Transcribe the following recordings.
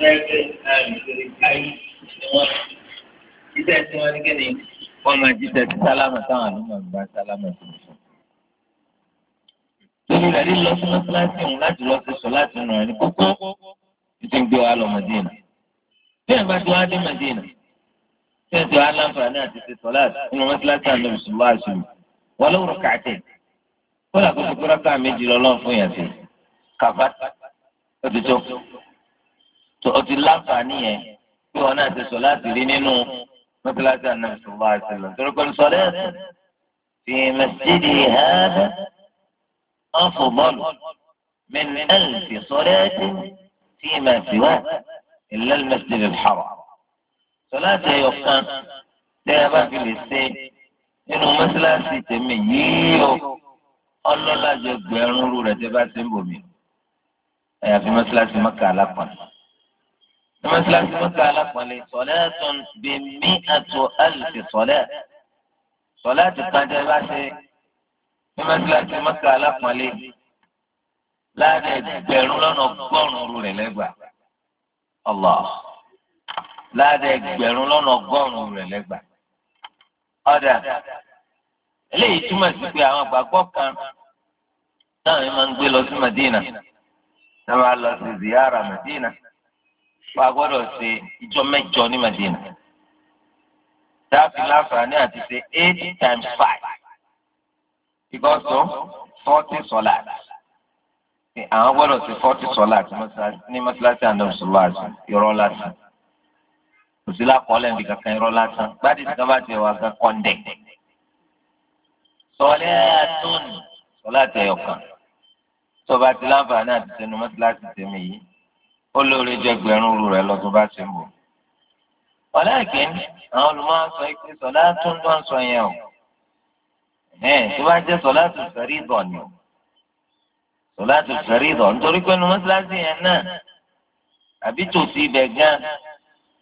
lẹ́gbẹ́ àìsèré káyé ni wọ́n ti. Títẹ̀ tí wọ́n ní kí ni wọ́n máa jíṣẹ́ sí sálámà táwọn àlùmọ̀ ń gba sálámà tó ń sọ. Torí rẹ̀ lílọ sí mọ́sálásí òun láti lọ sí sọ láti ràn ẹni kókó títí ń gbé wa lọ Mọ̀dínà. Bí ẹ̀ bá ti wá dé Mọ̀dínà, bí ẹ̀ ti wá láǹfààní àti ti sọ láti nínú mọ́sálásí àná ìṣòwò àṣùwò, wọ́n lọ́wọ́ kàtẹ́. Kọ́lá kó fi kúrákà méjì lọ́lọ́ fún yàtì, kàfá, ó tó o ti láǹfààní yẹn bí wọn náà ti sọ láti rí nínú mọ́tíláṣí ànábì sọ̀rọ̀ àti lọ. torí pé sọ lẹ́sìn fi masjidi hada afdal min alfi salatin fima siwa illa al-masjid al-haram. sọ láti ẹyọ kan tẹ́ ẹ bá fi lè ṣe nínú mọ́tíláṣí tèmi yìí o ọlọ́lá jẹ gbẹ̀rún rú tẹ́ bá ti ń bò ẹ̀yà fi mọ́tíláṣí Mẹ́kà alápàdé mọ́sálásí mọ́sálásí alápọ̀nlé sọ̀lẹ́ tó ń bí mí àtò àlùfẹ́ sọ̀lẹ́ sọ̀lẹ́ àti kanjẹ́ bá ṣe ní mọ́sálásí mọ́sálásí alápọ̀nlé láàrin ẹgbẹ̀rún lọ́nà ọgọ́rùn-ún rẹ̀ lẹ́gbàá Allah láàrin ẹgbẹ̀rún lọ́nà ọgọ́rùn-ún rẹ̀ lẹ́gbàá ọ̀dà eléyìí túmọ̀ sí pé àwọn àgbàgbọ́ kan táwọn yìí máa ń gbé lọ sí Madina táwọn á lọ sí ziyara Madina pa gbọ́dọ̀ ṣe ìjọ mẹ́jọ ní Madina dáàbì láǹfààní àti ṣe eight times five ìgbọ́sọ forty solat àwọn gbọ́dọ̀ ṣe forty solat ní mọ́sálásí àndọ́sọ̀lá àti irọ́ lásán òsì lákọọ́lẹ̀ níbi kankan irọ́ lásán gbádìí tí wọ́n bá ti wà gan kọ́ńdẹ̀ sọlẹ́ àtúnì sọlá àtẹ̀yọ̀kan tó bá ti láǹfààní àti ṣe ní mọ́sálásí tèmi yìí olóore jẹ gbẹ̀rún rú rẹ lọ tó bá ti ń bọ̀. ọ̀lẹ́ẹ̀kẹ́ àwọn olùmọ̀ọ́ sọ pé sọ̀lá tó ń dán sọ yẹn o tó bá jẹ́ sọ̀lá tó sẹ̀rí ìdọ̀ ni o sọ̀lá tó sẹ̀rí ìdọ̀ nítorí pé nu mọ́sálásí yẹn náà àbí tòsí ibẹ̀ gan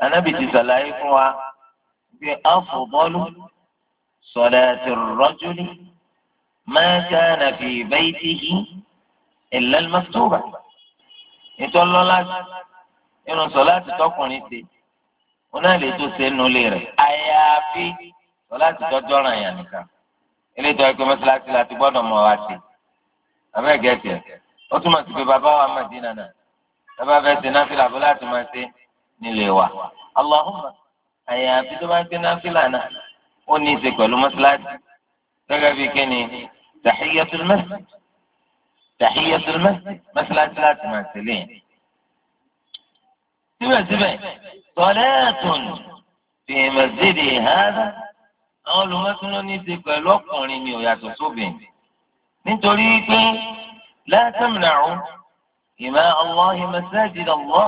anábì ti sàlàyé fún wa pé áfò bọ́ọ̀lù sọ̀lá ti rọ́jú ni máa ń kàn án fi bẹ́ẹ̀ ti yí ìlẹ́lmọ́tò ètò ńlọ́lá nínú sọ̀láàtì tọkùnrin ṣe wọn náà lè tó ṣe é nulẹ̀ rẹ̀ àyàfi sọ̀láàtì tọjọ́ ràn yàn nìkan ilé ìtọ́ ẹgbẹ́ mọ́sálásí láti gbọ́dọ̀ mọ̀ wá sí abẹ́gẹ́ tiẹ̀ ó túmọ̀ sí pé bàbá wa Mádínà náà bàbá fẹ́ ṣe náfìlà bó láti máa ṣe nílé wa Allahumma àyàfi tó bá ń ṣe náfìlà náà ó ní í ṣe pẹ̀lú mọ́sálásí gẹ́gẹ́ bí kíni tahiyyatul tàhíyà tìrìmẹ mẹsàlásí láti máa tẹlẹ yẹn. síbẹ̀síbẹ̀ sọ̀lẹ́ẹ̀tùn fi mẹ̀sídì hàdà àwọn olùmọ̀tún ní ti pẹ̀lú ọkùnrin ni ò yàtọ̀ sóbìn nítorí pé látàmìnàrún ìmọ̀ ọlọ́hìn mẹsàgì lọ́wọ́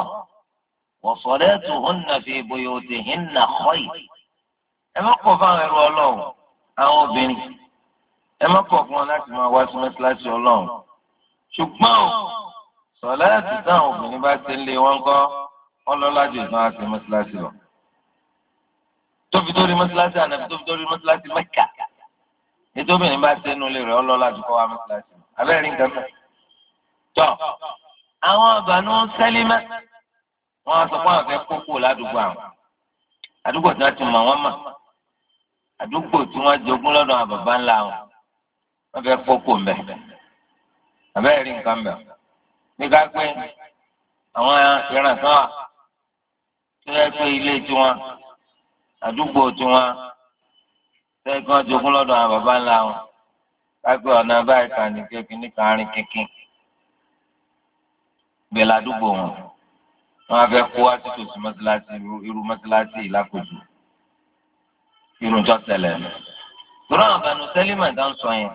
wọ̀sọ̀lẹ́ẹ̀tùn hùnà fi bòyòtì hìnà kọ́ì. ẹ má kọ̀ fáwọn ẹrú ọlọ́run àwọn obìnrin ẹ má kọ̀ fún wọn láti máa wá sí mẹ́sàlásí ọlọ́run ṣùgbọ́n o sọ̀lá ẹ̀sìn táwọn obìnrin bá ti ń lé wọn kọ́ wọn lọ lájò ìgbọ́n àti mọ́síláṣí lọ. tóbi tó rí mọ́síláṣí ànábi tóbi tó rí mọ́síláṣí mẹ́kà ètò obìnrin bá ti ń lé rẹ̀ ọlọ́lá ju kọ́ wa mọ́síláṣí lọ. abẹ́rẹ́ nǹkan mẹ́. tọ́ àwọn ọ̀bànú sẹ́límẹ́ wọ́n sọ fún àwọn akẹ́kọ̀ọ́ kò ládùúgbò àwọn àdúgbò tí wọ́n ti mọ̀ wọ́n mọ̀ àdúgbò tí wọ́n jogún lọ́dọ̀ àwọn bàbá ńlá wọn wọ́n fẹ́ kókó mbẹ́ àbẹ́rẹ́ rí nǹkan bẹ̀. nígbà pé àwọn ìran kan wà tó yẹ pé ilé tiwọn àdúgbò tiwọn tẹ́lẹ̀ kí wọ́n jogún lọ́dọ̀ àwọn baba ńlá wọn kápẹ́ ọ̀nà báyìí kan ní kékin ní kàárín kínkín bẹ́ẹ̀ ládùúgbò wọn wọn á fẹ́ kó wá títò sí mọ́sálásí irú mọ́sálásí ìlàkójú irun tó tẹ̀lẹ̀ lọ. ìrọ̀ àwọn ọ̀gá sọ yẹn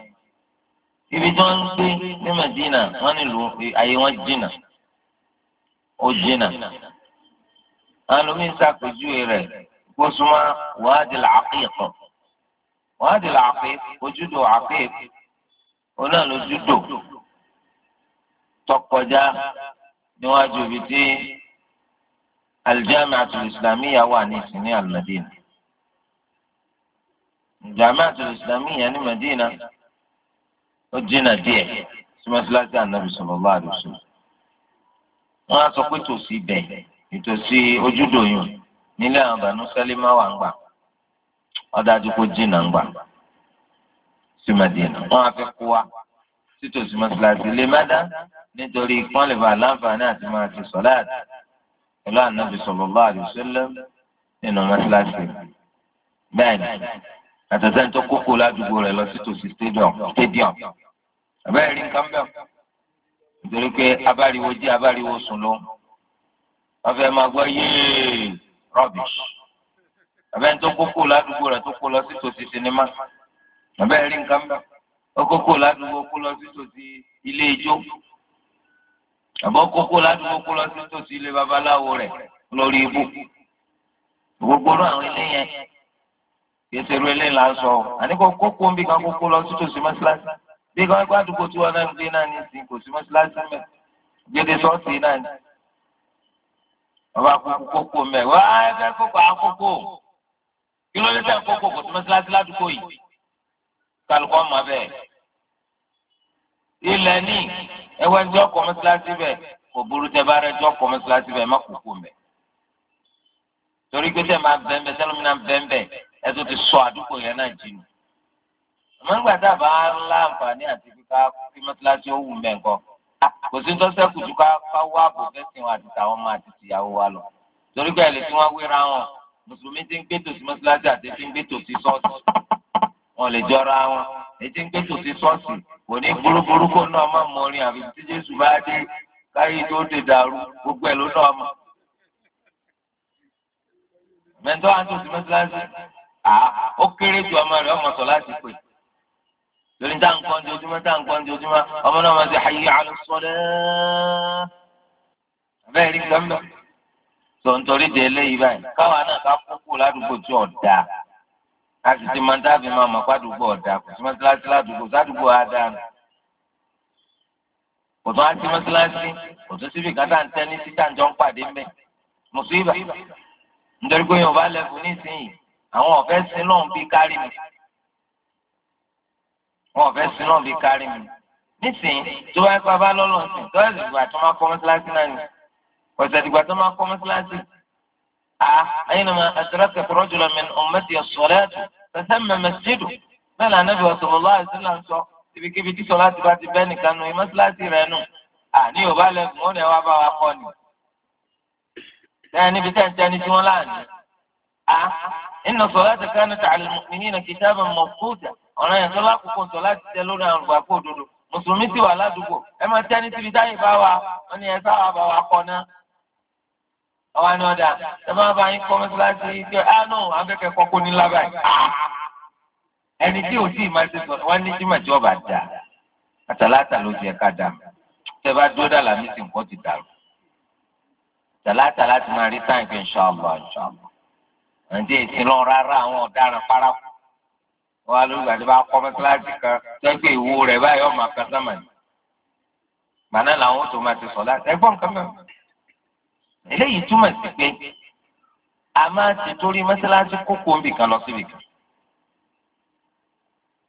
ibi tí wọ́n ń gbé ní Madina wọ́n nílò ayé wọn jìnnà ó jìnnà àwọn omi ń sàpèjúwe rẹ̀ kó súnmọ́ wàádìí làákìyà wàádìí làákìyà ojúdò àkìyà onáà lójúdò tọkọjá níwájú ibi tí aljamiatul islamiyya wà ní ìsìnní al-Madina jamiatul islamiyya ní Madina ó jìnnà díẹ̀ sí mọ́sálásí ànábì sallallahu alaihi wasallam. wọ́n á sọ pé tòsí ibẹ̀ ìtòsí ojúdòyún nílé àwọn Banu Salima wà ń gbà ó dájú kó jìnnà ń gbà sí Mẹ́dínà. wọ́n á fẹ́ kó wa títòsí mọ́sálásí lè má dá nítorí kán lè bá láǹfààní àti máa ti sọ̀láàtì pẹ̀lú ànábì sallallahu alaihi wasallam nínú mọ́sálásí bẹ́ẹ̀ ni àtẹ̀sẹ́ni tó kókó ládùúgbò rẹ̀ lọ sí tòsí stadium stadium àbẹ́rẹ́ rí nǹkan bẹ́ẹ̀ nítorí pé abáriwo jí abáriwo sùn ló wọ́n fẹ́ máa gbọ́ yéé rọ́bìṣì àbẹ́rẹ́ tó kókó ládùúgbò rẹ̀ tó kó lọ sí tòsí sinimá àbẹ́rẹ́ rí nǹkan bẹ́ẹ̀ ó kókó ládùúgbò kó lọ sí tòsí ilé ijó àbọ̀ kókó ládùúgbò kó lọ sí tòsí ilé babaláwo rẹ̀ lórí ibú gbogbo náà àwọn ilé yẹn kí ẹsẹ̀ ru eléyìí là ń sọ àní kó kókó ń bí kan kókó lọ sí tòsí mọ́ṣáláṣí bí kan gbá àdúgbò tí wọn náà ń gbé náà ní ìsìn kò sí mọ́ṣáláṣí mẹ́ gbèdé sọ́ọ̀tì náà ni bàbá kókó kókó mẹ́ wá ẹgbẹ́ kókó àkókò kí ló dé tẹ̀ kókó kò sí mọ́ṣáláṣí ládùúgbò yìí kálukọ́ mọ́ bẹ́ẹ̀ ilẹ̀ ní ẹwẹ́ ẹjọ́ kọ́ mọ́ṣáláṣí bẹ́ẹ̀ kò burú tẹ́ bá rẹ ẹjọ́ kọ́ mọ́ṣáláṣí bẹ́ẹ̀ má kókó mẹ́ torí pé tẹ́ máa bẹ́ẹ̀ bẹ́ẹ̀ tẹ́lómi náà àmọ́ ńgbà tá a bá láǹfààní àti kíkà kí mọ́tíláṣí ó wù mẹ́ nǹkan kò sí tọ́sẹ̀ kù ju ká wá àbò fẹ́sìn wa àti tàwọn ọmọ àti tìyàwó wa lọ torí pé ẹ̀lẹ́ tí wọ́n wéra wọn mùsùlùmí ti ń gbé tòsí mọ́tíláṣí àti ti ń gbé tòsí sọ́ọ̀sì wọn lè jọra wọn èyí ti ń gbé tòsí sọ́ọ̀sì kò ní burúburú kó náà má mọ orin àfi tí Jésù bá dé káyé tó dé dàrú gbogbo ẹ̀ ló náà mọ̀ mẹ́tọ́ àti tòsí mọ́tíláṣí ó kéré ju ọmọ rẹ̀ ọmọ sọ láti pè lórí táǹkọ́ ní ojúmọ́ táǹkọ́ ní ojúmọ́ ọmọ náà máa ti hayya ala salah bẹ́ẹ̀ rí nǹkan mọ́ tọ̀ntorí de eléyìí báyìí káwa náà ká kókó ládùúgbò tí ọ̀dà a sì ti máa dábìí máa mọ̀ pádùúgbò ọ̀dà kò sí mọ́sálásí ládùúgbò sádùúgbò àdáni kò tó á sí mọ́sálásí kò tó síbi kan ń tẹ́ ní títà ń pàdé mẹ́ mùsùlùmí nítorí pé yorùbá lẹ́fù nísìnyí àwọn ọ̀fẹ́ sí náà ń kárí mi wọn ò fẹ́ sin náà bí kárí mi nísìnyí tó bá pa bá lọ́lọ́ sí tó bá dìgbà tó máa kọ́ mọ́sálásí náà ni ọ̀sẹ̀ dìgbà tó máa kọ́ mọ́sálásí. أينما أدركت رجلا من أمتي الصلاة فثم مسجد بل النبي صلى الله عليه وسلم ibikíbi tí sọlá ti bá ti bẹ́ nìkan nu mọ́sálásí rẹ̀ nù àní ò bá lẹ́kùn ó lẹ́ wá bá wa kọ́ ni. bẹ́ẹ̀ níbi tẹ́ ń tẹ́ni tí wọ́n láàánú inna salata kanat ala al-mu'minina kitaban mawquta ọ̀ràn yẹn sọlá kókó sọlá ti tẹ lórí àwọn olùgbàgbọ́ òdodo mùsùlùmí ti wà ládùúgbò ẹ máa tẹ́ ní tìbí táyì bá wa wọn ni ẹ sáwà bá wa kọ́ náà. àwa ni ọ̀dà ẹ máa bá yín kọ́ mẹ́sàlásì pé á ah, nù akẹ́kẹ́ kọ́kọ́ ní lábàá ah. ẹni tí ò tí ì máa ṣe sọ wọn ní jimá tí wọn bá dà àtàlátà ló ti ẹ ká dà mí tẹ bá dúró dà lámì sí nǹkan ti dàrú àtàlátà ǹjẹ́ ìsìn lọ rárá àwọn ọ̀daràn paraku wọn alóògbà tí wọn kọ́ mẹ́tíláàsì kan tẹ́gbẹ́ ìwo rẹ̀ báyìí ọmọ akásánmà ni gbàná làwọn tó máa ti sọ láti ẹgbọ́n kan mẹ́rin eléyìí túmọ̀ sí pé a máa ti torí mẹ́tíláàsì kókó ń bì kan lọ síbi kan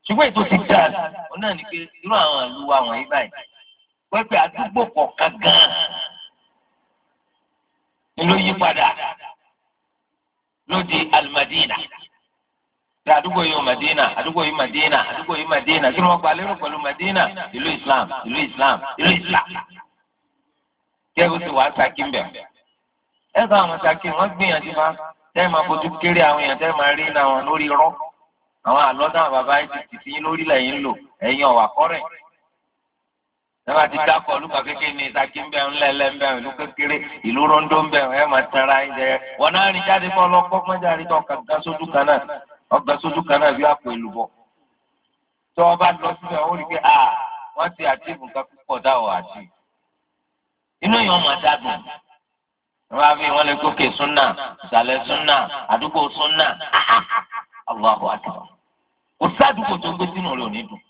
ṣùgbọ́n ètò ti dà ọ́n náà ni pé irú àwọn ìlú wa wọ̀nyí báyìí pẹ́pẹ́ àdúgbò kọ̀ọ̀kan gan-an ni ló yí padà ló di alimadina ṣe àdúgbò yìí madina àdúgbò yìí madina àdúgbò yìí madina kí ni wọ́n gba lérò pẹ̀lú madina ìlú islam ìlú islam ìlú islam kí ẹ bó ti wà á saki ń bẹ̀ ẹ bá àwọn saki wọ́n gbìyànjú ma tẹ́ ẹ máa fojú kéré àwọn èèyàn tẹ́ ẹ máa rí náà lórí rọ́ àwọn àlọ́ náà bàbá yìí ti tì sí lórílẹ̀ yìí lò ẹ̀yin ọ̀wà kọ́rẹ̀ nígbà tí dákọ̀ olùkọ́ kékeré ní ìtàkì ń bẹ̀ ń lẹ́lẹ́ ń bẹ̀ ìlú kékeré ìlú rondo ń bẹ̀ ẹ̀ máa tẹ̀ra ẹ̀ jẹ́ wọn náà rìn jáde fún ọlọ́kọ́ mọ́jà rí ọ̀gá sójú kan náà ọ̀gá sójú kan náà bí àpò ìlú bọ̀ tí wọ́n bá lọ síbẹ̀ wọ́n rí pé à wọ́n ti àti ìbùkún púpọ̀ dáwọ̀ àti inú yẹn máa dádùn wọn á fi wọn lè gòkè súnà ìsàlẹ̀ súnà àdúgbò súnà Allahu akbar kò sí àdúgbò tó gbé sínú rẹ̀ ò ní dùn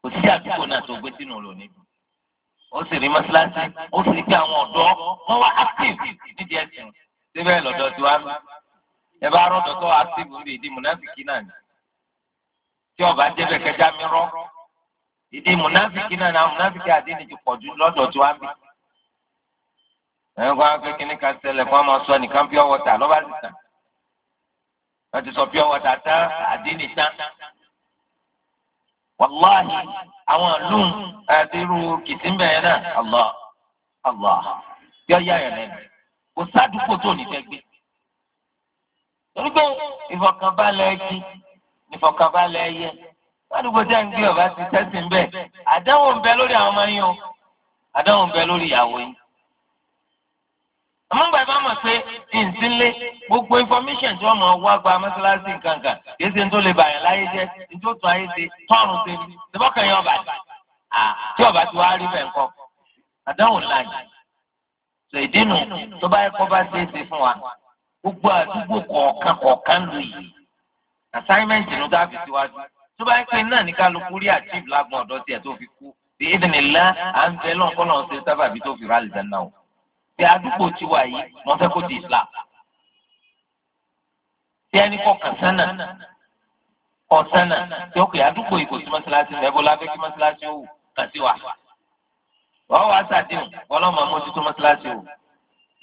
kò sí àdúgbò náà tó gbé sínú lò níbi ó sì rí mọ́ṣáláṣí ó sì rí pé àwọn ọ̀dọ́ wọ́n wá active nídìí ẹ̀sìn síbẹ̀ lọ́dọ̀ tí wá mi ẹ bá rọ́dọ̀ tó active ń bè ìdí mùnáfìkì náà ni tí ọba jẹ́bẹ̀ kẹjá mi rọ́ ìdí mùnáfìkì náà ni àwọn mùnáfìkì àdéhùn ti pọ̀ jù lọ́dọ̀ tí wá mi. ẹ̀yin kọ́ akpé kínní kan ṣẹlẹ̀ fún ọmọ sọ nìkan pure water lọ́ba ti tàn wọ́n ti sọ pure water tán àdéhùn tán wàláhì àwọn ìlú àbírú kìtìmbẹ̀ yẹn náà allah allah yọ yá yẹn lẹ́nu kò sádùúgbò tó ní fẹ́ gbé torí pé ìfọ̀kànbalẹ̀ ẹjí ìfọ̀kànbalẹ̀ ẹyẹ sádùúgbò tẹ́ ń gbé ọ̀bá ti tẹ́sí ń bẹ̀ àdánwò ń bẹ lórí àwọn ọmọ yín o àdánwò ń bẹ lórí ìyàwó yín àwọn bàbá mọ̀ pé ìdílé gbogbo information tí wọ́n mọ̀ wá gba mọ́sálásí kankan kìí ṣe tó lè bàyàn láyé jẹ́ tó tún ayé ṣe tọ́rùn ṣe ni ṣèbọ́kàn yẹn ọba tí ọba ti wá rí bẹ́ẹ̀ ńkọ́ àdáhùn láàyè sọ ìdí nù tó bá yẹ kó bá ṣe é ṣe fún wa gbogbo àdúgbò kọ̀ọ̀kan kọ̀ọ̀kan ló yìí assignment nù dábì síwájú tó bá yẹ pé náà ní kálukú rí àtìv lágbọ̀n ọ̀dọ́ tiẹ̀ tó fi kú bí ìdìnnìlá à ń bẹ lọ́nkọ́lọ́n ṣe sábàbí tó fi rálẹ̀ dáná o pé àdúgbò ti wà yìí wọ́n fẹ́ kó di islam tí ẹni kọ kànsánà kọsánà tí ó pè àdúgbò yìí kò sí mọ́sálásí mẹ́bọ́ lábẹ́ kí mọ́sálásí ó wù kàn sí wa wọ́n wá sàdéhùn wọ́n lọ́mọ mójútó mọ́sálásí ó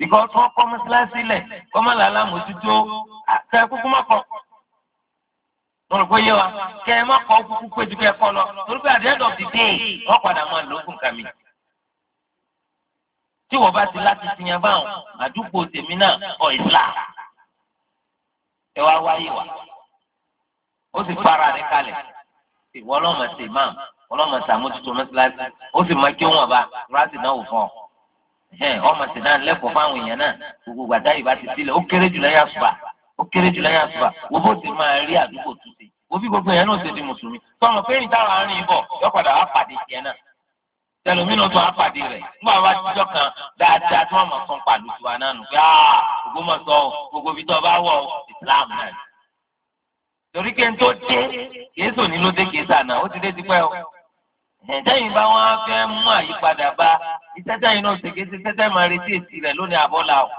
ìkọ́ tí wọ́n kọ́ mọ́sálásí lẹ̀ kọ́ mọ́ làlá mójútó kẹ́ kúkú má kọ́ mo rò pé yé wa kẹ́ ẹ má kọ́ kúkú péjú kẹ́ kọ́ lọ torí pé at the end of the day wọ́n padà máa lókun kàmi tí wọ́n bá ti láti tiyan báwọn àdúgbò tèmi náà ọ̀ islam ẹ wá wáyé wa ó sì para rẹ̀ kalẹ̀ ìwọ ọlọ́mọ sí imam ọlọ́mọ sí àmójútó mọ́sálásí ó sì máa kí wọn bá rásì náà wò fún ọ ọmọ sí náà lẹ́kọ̀ọ́ fáwọn èèyàn náà gbogbo gbàdá yìí bá ti sílẹ̀ ó kéré jù lẹ́yìn àṣùbà ó kéré jù lẹ́yìn àṣùbà wo bó ti máa rí àdúgbò tún sí bí gbogbo èèyàn náà ṣe di mùsùlùmí tọmọ pé ìtara àárín ibọ̀ yọ tẹlifíìnì tó apàdé rẹ̀ nígbà wá tíjọ́ kan dáadáa tí wọ́n mọ̀ sọ́n pàlú tiwa náà nù pé ah, Ògbómọ̀ṣọ́ gbogbo ibi tó bá wọ̀ Islam náà ni. torí kí n tó dé kéésù ní ló dé kéésà náà ó ti dé tipẹ́ o. ẹ̀ẹ́dẹ́yìn bá wọn fẹ́ mú àyípadà bá ìtẹ́tẹ́yìn náà ṣe kéésì tẹ́tẹ́ máa retí èsì rẹ̀ lónìí àbọ́là o.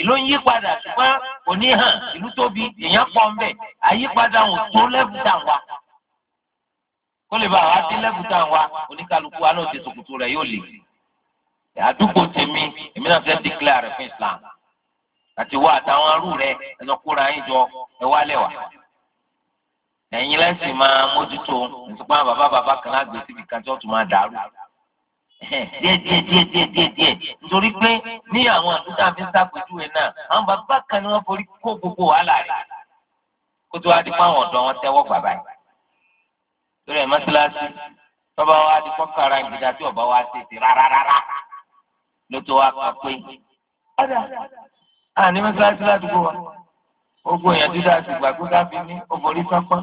ìlú ń yí padà ṣùgbọ́n kò ní hàn ìlú tóbi èèyàn pọ̀ ń bẹ̀ àyípadà ò tó lẹ́bùdà wa kó lè bá àwọn adélẹ́kùtà wa oníkálukú wa náà ti sòkòtò rẹ̀ yóò lè àdúgbò tèmi èmi náà fẹ́ dìklẹ́ rẹ̀ fún Islam àti wá àtàwọn arú rẹ̀ ẹ̀nà kóra yín jọ ẹ wá lẹ́wà ẹ̀yin lẹ́sìn máa mójútó nítorí àwọn bàbá bàbá kan lágbè síbi kan tí wọ́n tún máa dàrú díẹ̀ díẹ̀ díẹ̀ díẹ̀ díẹ̀ díẹ̀ nítorí pé ní àwọn àdúgbò àfi ń sàpèjúwe náà àwọn bàbá kan ni wọ́n forí kó gbogbo wàhálà rẹ̀ kó tó wá di àwọn ọ̀dọ́ wọn tẹ́wọ́ bàbá yìí torí ẹ̀ mọ́sálásí tọ́ba wa di kọ́kàrà ìgbìdá tí ọba wa ṣe ti rárára ló tó wa kà pé àní mọ́sálásí ládùúgbò wa gbogbo èèyàn dídá ti gbà pé ká ní obìnrin sápá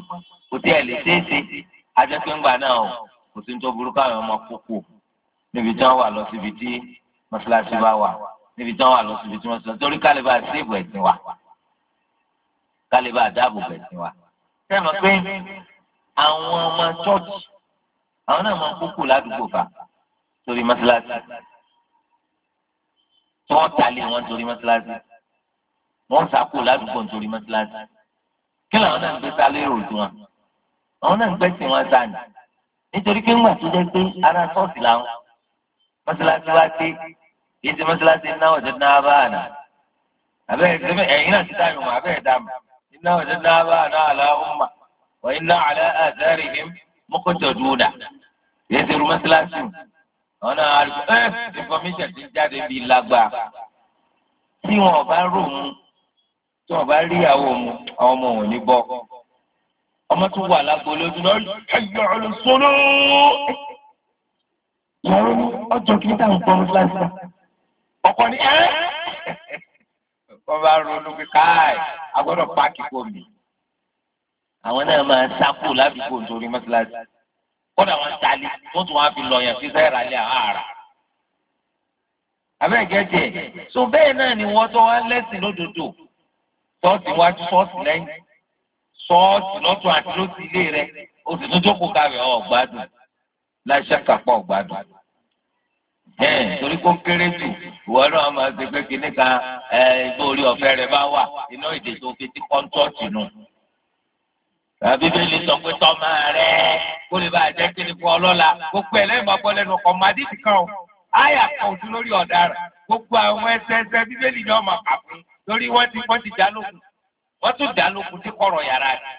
kò tí ẹ̀ lè ṣeéṣe ajẹ́pẹ́ ńgbà náà o kò sí ní tó burúkú àwọn ọmọ kókó níbi tí wọ́n wà lọ síbi tí mọ́sálásí bá wà níbi tí wọ́n wà lọ síbi tí wọ́n sọ torí kálíbà ṣéèbù ẹ̀sìn wa kálíbà dáàbò ẹ̀sìn wa àwọn ọmọ chọ́ọ̀chì àwọn náà máa kúkú ládùúgbò fa torí mọ́sálásí tí wọ́n tàlé wọn torí mọ́sálásí wọ́n sàkó ládùúgbò torí mọ́sálásí kí làwọn náà ń gbé sálé òòlù wọn àwọn náà ń gbẹ́sìn wọn sáà ní nítorí pé ńgbà tó jẹ́ pé ara ṣọ́ọ̀ṣì làwọn mọ́sálásí wá dé yìí ti mọ́sálásí náà ọ̀jọ̀ náà bá àná àbẹ́rẹ́ ẹ̀yin náà ti dá ìwọ̀n àbẹ́rẹ́ náà ọ̀jọ̀ náà bá àná àlá وإنا على ala atharihim muqtaduna yìí أنا أعرف إيه wọn náà àrùkù ẹ́ information ti jáde bíi lágbá tí wọn ò bá rò mu tí wọn bá rí ìyàwó mu àwọn ọmọ wọn ní bọ́ ọmọ tó wà lágbo lójú náà ẹyọ ọlọ sọlọ ìyàwó ni ọjọ́ kí táwọn gbọ́ mọ́sálásí ọkọ ni ẹ wọn ronú pé káì agbọ́dọ̀ páàkì kò mí àwọn náà máa sákò ládùúgbò nítorí mọ́sálásí kódà wọn tali wọn tún wáá fi lọyàn sí sẹ́ẹ̀rà lé àárà. abẹ́ẹ̀gẹ́ tiẹ̀ so bẹ́ẹ̀ náà ni wọ́n tọ́ wá lẹ́sìn lódodo ṣọ́ọ̀ṣì wájú ṣọ́ọ̀ṣì lẹ́yìn ṣọ́ọ̀ṣì lọ́tún àti lọ́sì ilé rẹ̀ o sì tún jókòó kárẹ̀ ọ̀gbádùn láṣẹ kápá ọ̀gbádùn. bẹ́ẹ̀ torí kó kéré jù ìwọ náà máa ṣe pé kíní kan ẹ igbó orí ọ̀fẹ́ rẹ bá wà iná ìdè tó fi ti kọ́ńtọ́ọ̀tì nù bíbélì sọ pé tọ́mọ rẹ kó lè bá jẹ́ kí ni fún ọlọ́la gbogbo ẹ̀ lẹ́yìn máa lẹ́nu ọkọ̀ àyà kan ojú lórí ọ̀daràn gbogbo àwọn bíbélì ni ọmọ kà lórí wọn ti ti tí kọrọ yàrá rẹ̀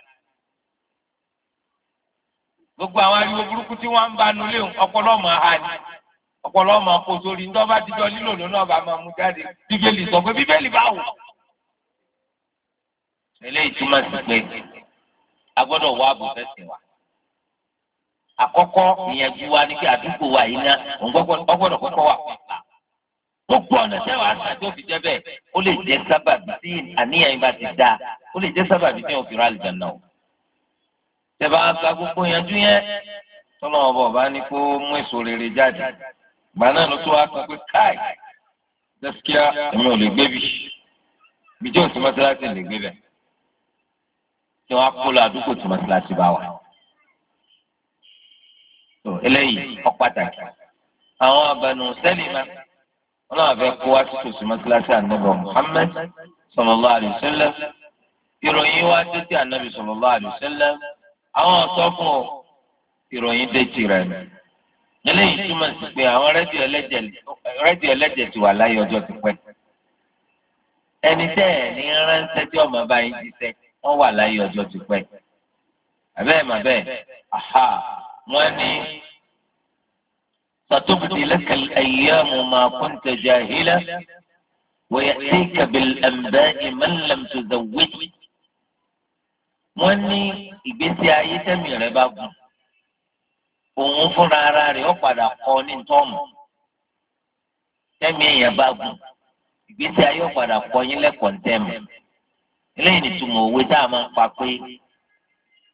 gbogbo àwọn ariwo burúkú tí ń bá ha ni ọpọlọmọ kò sórí ní ọba ọba máa mú jáde bíbélì sọ pé bíbélì eléyìí túmọ̀ a gbọ́dọ̀ wá àbùfẹ́ sìn wa. àkọ́kọ́ ìyànjú wa ni pé àdúgbò wa yìí ná ọgbọ́dọ̀ kọ́kọ́ wà fún ìta. gbogbo ọ̀nà tẹ́ wàá sàn tó fi jẹ́ bẹ́ẹ̀ ó lè jẹ́ sábàbí tí àníyàn yín bá ti dáa ó lè jẹ́ sábàbí tí òfin rálìjà náà. tẹ̀bá gba gbogbo ìyànjú yẹn tọ́lọ́ ọba ọba ní kó mú èso rere jáde gbà náà ló tó wá sọ pé káì gaskiya èmi ò lè gbé bì bìjọ́ òsì mọ́tíláṣí lè gbé bẹ́ẹ̀ kí wọ́n á kó lọ àdúgbò tí mọ́sálásí bá wà. tó eléyìí ó pàtàkì àwọn abànú sẹ́lìmà wọn náà fẹ́ kó wá títò sí mọ́sálásí ànábọ̀ Muhammad sallallahu alaihi wasallam ìròyìn wá títí ànábì sallallahu alaihi wasallam àwọn ọ̀tọ́ fún ọ ìròyìn dé tirẹ̀ nù eléyìí túmọ̀ sí pé àwọn rédíò ẹlẹ́jẹ̀ ti wà láyé ọjọ́ ti pẹ́ ẹni tẹ́ ẹ̀ ní ránṣẹ́ tí ọmọ bá ti sẹ́kì wọ́n wà láyé ọjọ́ ti pẹ́ àbẹ́ẹ̀ mà bẹ́ẹ̀ aha wọ́n ní sàtúbùdì lẹ́kẹ̀lì ayéhàmù máa kún tẹ̀jà hílẹ̀ ويأتيك بالأنباء من لم تزوج wọ́n ní ìgbésí ayé tẹ́mi rẹ̀ bá gùn òun fúnra ara rẹ̀ ó padà kọ́ ní tọ́ọ̀mù tẹ́mi èèyàn bá gùn ìgbésí ayé ó padà kọ́ yín lẹ́kọ̀ọ́ tẹ́mi eléyìí ni túmọ̀ òwe tá a máa pa pé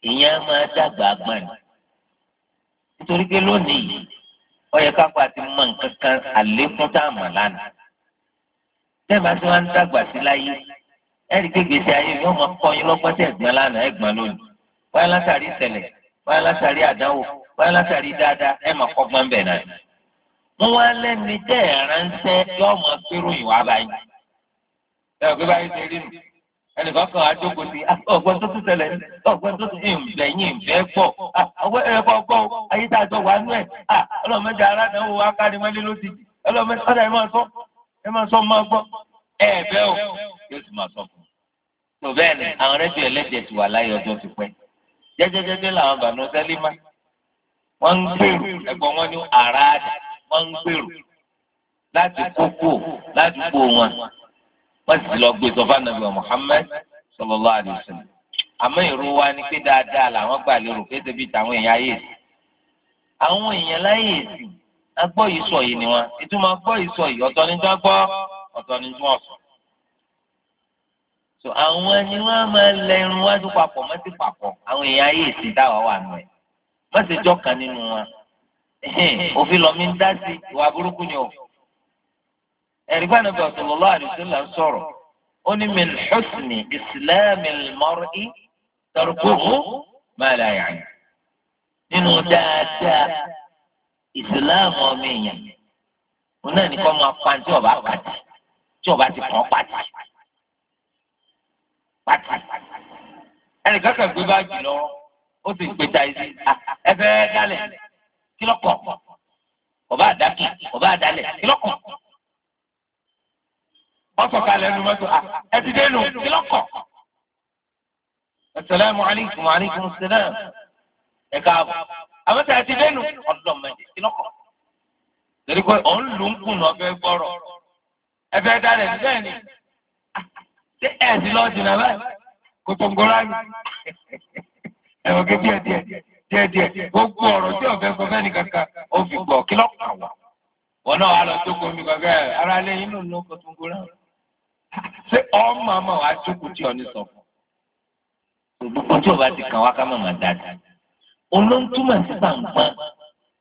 ìyẹn máa dàgbà agbọ̀n ni nítorí pé lónìí yìí ó yẹ kápá ti mọ nǹkan kan àlékún tá a mọ̀ lánàá tẹ́ẹ̀mà tí wọ́n ń dàgbà sí láyé ẹ̀rí gbégbèsè ayé yóò máa kọ́ yín lọ́gbọ́n tẹ̀ gbọ́n lánàá ẹ̀ gbọ́n lónìí wáyé látàrí ìṣẹ̀lẹ̀ wáyé látàrí àdánwò wáyé látàrí dáadáa ẹ̀ máa kọ́ gbọ́n bẹ̀ náà wọ́n wá ẹnìkan kan àjọkò sí ah, ọgbọ́n tó tún tẹ̀lé ní ọgbọ́n tó tún ìmùlẹ̀ yín ìmùlẹ̀ pọ̀ ah, ọgbọ́n ẹ̀rọ gbọ́ ayé tá a jọ wà nú ẹ̀ ah, ọlọ́mọdé aládàáwò akárimọ́lé ló ti ọlọ́mọdé ọ̀dà ẹ̀ máa sọ ẹ̀ máa sọ máa gbọ́ ẹ̀ bẹ́ ò yóò sì máa sọ fún un. tó bẹ́ẹ̀ ni àwọn rẹ́díò ẹlẹ́dẹ̀ ti wà láyé ọjọ́ ti pẹ́ jẹ́jẹ́jẹ́jẹ́ làwọn bànú sẹ́límà wọ́n ń gbèrú ẹ̀gbọ́n wọn ní àràádà wọ́n ń gbèrú láti kókó ládùúgbò wọn wọ́n sì lọ gbé sọfà nàbí wa Muhammad sallallahu alaihi wasallam àmọ́ ìró wa ni pé dáadáa làwọn gbà lérò pé débi tàwọn èèyàn ayé èsì àwọn èèyàn láyé èsì agbọ́ yìí sọ yìí ni wọn ìtumọ̀ agbọ́ yìí sọ yìí ọ̀tọ̀ ni tó gbọ́ ọ̀tọ̀ ni tó ọ̀sọ̀ so àwọn ni wọn máa lẹ irun wájú papọ̀ mọ́tì papọ̀ àwọn èèyàn ayé èsì dáwọ́ wà nù ẹ̀ mọ́tì jọ́ kan nínú wọn òfin lọ́mí ń dá sí ìwà burúkú ni òfin ẹ̀rígbà níbi sallallahu alaihi wasallam sọ̀rọ̀ ó ní min husni islamil mar'i tarkuhu ma la ya'ni nínú dáadáa ìsìláàmù ọmọ èèyàn òun náà ní kọ́ máa pa tí ọba pàtì tí ọba ti kàn pàtì pàtì ẹnì kankan gbé báàgì lọ ó sì gbé ta ẹsẹ ẹfẹ dálẹ̀ kílọkọ ọba àdákì ọba àdálẹ̀ kílọkọ ọkọ̀ kalẹ̀ nu mọ́tò ẹ ti dé nù kí lọ́kọ̀. asalaamu aleykum wa aleykum salaam ẹ káàbọ̀ àbẹ̀tà ẹ ti dé nù ọlọ́mọdé kí lọ́kọ̀. torí pé òun lù ń kùn ọ̀fẹ́ gbọ́rọ̀ ẹ fẹ́ dalẹ̀ bẹ́ẹ̀ ni ṣé ẹ ti lọ jìnnà báyìí kò tó ń gbọ́ra mi ẹ wọ́n ké díẹ̀ díẹ̀ díẹ̀ díẹ̀ gbogbo ọ̀rọ̀ tí ọ̀fẹ́ sọ fẹ́ nìkan ó fi gbọ̀ kí lọ́kọ̀ wà wọn náà wà lọ tó gbomi gbàgbẹ́ kọ́ ṣé ọmọ ọmọ wa jókòó tí ọ̀ní sọ fún gbogbo tí ọba ti kàn wá ká mọ̀ máa dáadáa olóńtúmọ̀ sí gbàngbọ́n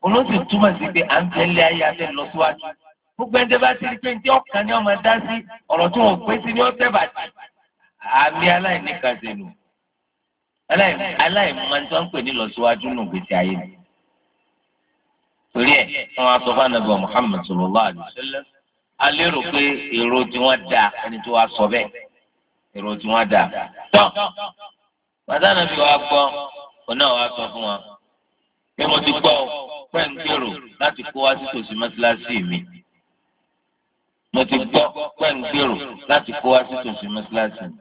olóńtì túmọ̀ sí pé à ń tẹ́lẹ̀ ayé abẹ́ lọ síwájú gbogbo ẹni tẹ́ bá ti rí pé ní ọkàn ni ọmọ dá sí ọ̀rọ̀ tí wọ́n pé sí ní ọ̀tẹ̀ bàtì àmì aláìníkàsẹ̀ nù aláìmọ̀ntọ́ ń pè ní lọ síwájú nù gbèsè ayé ni torí ẹ̀ wọ́n á sọ fún anabi Muhammad sallallahu alaihi wasallam a lérò pé èrò tiwọn da ẹni tó wá sọ bẹ́ẹ̀ èrò tiwọn da tán bàtàna fi wá gbọ́ òun náà wá sọ fún wọn pé mo ti gbọ́ pẹ́ ń gbèrò láti kó wá sí tòsí mọ́sálásí mi mo ti gbọ́ pẹ́ ń gbèrò láti kó wá sí tòsí mọ́sálásí mi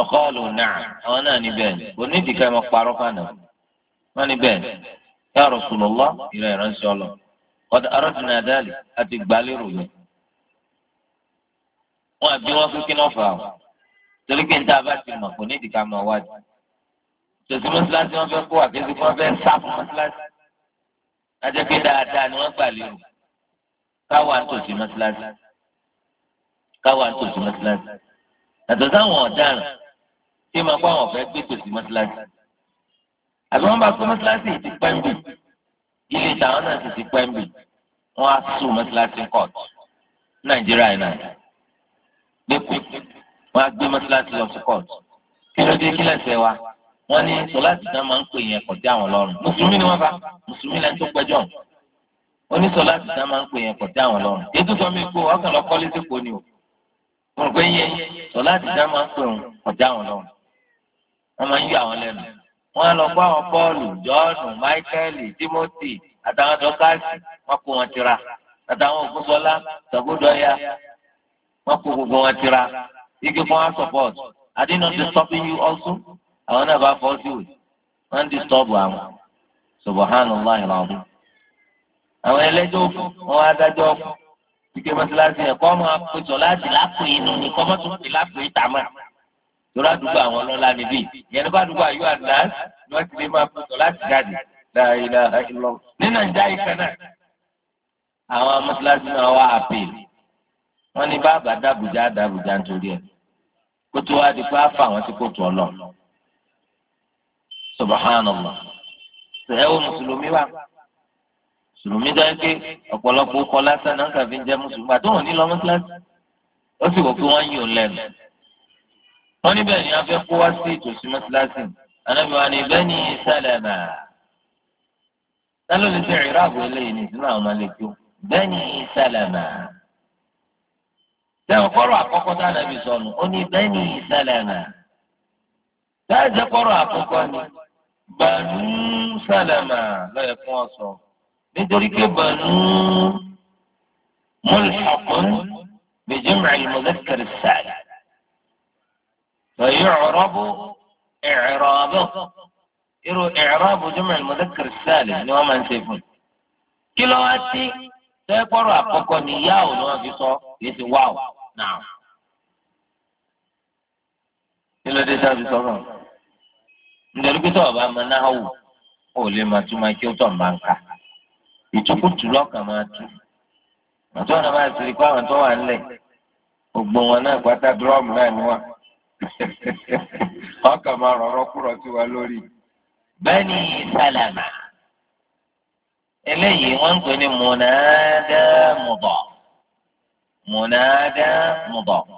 ọkọ ọlù náà àwọn náà níbẹ̀ onídìíkà ẹ̀mọ́ parọ́ kànà wọ́n níbẹ̀ yá Rasulullah ìrẹ̀ ìránṣẹ́ ọlọ́ ọ̀dọ̀ arọ́dúnrún adáàlì àti gbàlérò yẹn wọn àbí wọn fún kí náà fà ó torí pé níta bá ti mọ̀ kò ní ìdìkà mọ̀ wájú tòsí mọ́sálásí wọn fẹ́ kó wà kéésì wọn fẹ́ sá fún mọ́sálásí lájẹ́ pé dáadáa ni wọ́n gbà lérò káwa ń tòsí mọ́sálásí káwa ń tòsí mọ́sálásí yàtọ̀ sáwọn ọ̀daràn tí màá kó àwọn ọ̀fẹ́ gbé tòsí mọ́sálásí àbí wọ́n bá kó mọ́sálásí ti pẹ́ ń bì ilé ìtàwọn náà sì ti pẹ́ ń bì wọ́n á sùn mọ́sálásí kọ́ọ̀tù Nàìjíríà náà lẹ́kọ̀ọ́ wọ́n á gbé mọ́tíláṣí lọ sí kóòtù kí ló dé kílẹ̀ sẹ́ wa wọ́n ní sọláàtì náà máa ń pè yẹn kọjá àwọn lọ́rùn mùsùlùmí ni wọ́n bá mùsùlùmí lẹ́ni tó gbẹ́jọ́ oní sọláàtì náà máa ń pè yẹn kọjá àwọn lọ́rùn ètò sọ mi kó ọkàn lọ kọ́lé sí kò ní o mo rò pé yẹn sọláàtì náà máa ń pè wọn kọjá àwọn lọ́rùn wọ́n máa ń yọ àwọn lẹ́nu wọ́n lọ gbọ́ àwọn pọ́ọ̀lù jọ́ọ̀nù máíkẹ́lì tímọ́tì àtàwọn dọ́kásì wọ́n kó wọn tira àtàwọn ògúnfọlá tàbódọ́yà wọ́n kó gbogbo wọn tira igi fún wa support are they not disturbing you also àwọn náà bá fọ́ sí wò wọ́n disturb àwọn subhanallah ilaahu àwọn ẹlẹ́jọ́ òfin wọn adájọ́ òfin ike mọ́tíláṣí yẹn kọ́ máa péjọ láti lápò inú ni kọ́ mọ́tò pè lápò ìtàmà lórí àdúgbò àwọn ọlọ́lá níbí yẹn ní bá àdúgbò àyọ̀ àdá ni wọ́n ti lè máa péjọ láti jáde láìláìlọ́ ní nàìjíríà yìí kan náà àwọn mọ́tíláṣí náà wà àpèlè wọ́n ní bàbá dàbùjá dàbùjá nítorí ẹ̀ kó tó wá di pé á fà wọ́n sí kóòtù ọlọ́ subhanallah ṣe wo mùsùlùmí wa mùsùlùmí dáńké ọ̀pọ̀lọpọ̀ kọ lásán náà kàfi ń jẹ́ mùsùlùmí àti òun ní lọ́mọ kíláàsì ó sì wò pé wọ́n yí òun lẹ́nu wọ́n níbẹ̀ ni a fẹ́ kó wá sí ìtòsí mọ́síláṣí anábì wa ni bẹ́ẹ̀ni sálẹ̀mà sálọ́ lè ṣe ìráàbò eléyìí nìyí sínú àwọn ọmọ lẹ́kọ̀ọ́ bẹ́ẹ̀ni sálẹ̀mà sẹ́wọ̀n kọ́rọ̀ àkọ́kọ́ tá a nàbì sọnù ó ní bẹ́ẹ̀ni sẹlẹ̀mà sẹ́ẹ̀sẹ̀ kọ́rọ̀ àkọ́kọ́ ni bẹ̀ẹ̀nù sẹlẹ̀mà lọ́yẹ̀ fún ọ̀sọ̀ nítorí pé bẹ̀ẹ̀nù mọ́lùfàkùn bìjìmọ̀ ìmọ̀lẹ́kẹ̀rẹ̀ sàlẹ̀ lọ́yẹ̀ ọ̀rọ̀bù ìrọ̀bù irú ìrọ̀bù jìmọ̀ ìmọ̀lẹ́kẹ̀rẹ̀ sàlẹ̀ ni wọ́n máa ń ṣe fún kí ló wá sí sẹ́ẹ̀kọ́rọ̀ àkọ́kọ́ ni yáò ni wọ́n fi sọ kì í ti wáò. náà. kí ló dé sábì sọ̀rọ̀ nítorí pé sọ̀rọ̀ bá máa náà wò ó lè máa túmọ̀ kí ó tọ̀ máa ń kà ìtukùtù lọ́kàn máa tù àtọ́ náà máa tiri pé àwọn tó wà nílẹ̀ wọn náà pátá dúrọ́ọ̀mù náà wa lórí. bẹ́ẹ̀ni eléyìí منادى مضاف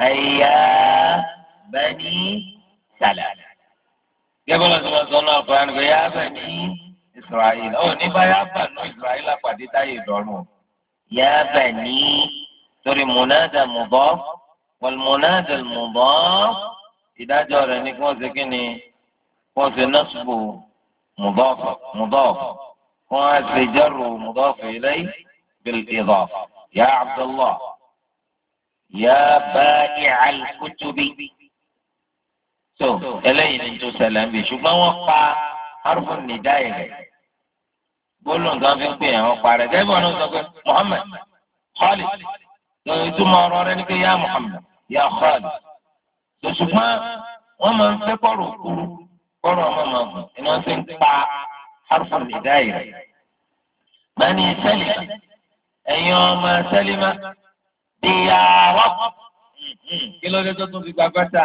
أيا بني سلام gẹ́gọ́lá tí wọ́n sọ náà fún ẹnu bẹ́ẹ̀ yá bẹ̀ ní israẹli ó ní bá yá bà ní israẹli àpàdé táyé ìdọ́rùn yá bẹ̀ ní torí múnádà mùbọ́ wọ́n múnádà mùbọ́ ìdájọ́ rẹ̀ ní kí wọ́n ṣe kí ni wọ́n ṣe nọ́ọ̀sùbù mùdọ́ọ̀fù mùdọ́ọ̀fù wọ́n á ṣe jẹ́rù mùdọ́ọ̀fù ilé bìlì ìdọ́ọ̀fù. يا عبد الله يا بائع الكتب so eléyìí ni tó ṣẹlẹ̀ ń bì ṣùgbọ́n wọ́n pa arúgbó nìdá yìí rẹ̀ gbólóhùn kan fi ń pè yàn wọ́n pa rẹ̀ gẹ́gẹ́ bọ́ọ̀nù sọ pé Muhammad Khalid lórí ìtumọ̀ ọ̀rọ̀ rẹ̀ ni pé yá Muhammad yá Khalid so ṣùgbọ́n wọ́n máa ń fẹ́ kọ́rọ̀ òkúru kọ́rọ̀ ọmọ máa gùn ni wọ́n ti ń pa arúgbó nìdá yìí rẹ̀ bẹ́ẹ̀ ni sẹ́lẹ̀ ẹ̀yin ọmọ sẹ́límà ìyàwó hmm, kí ló dé tó tún fi gbàgbá tà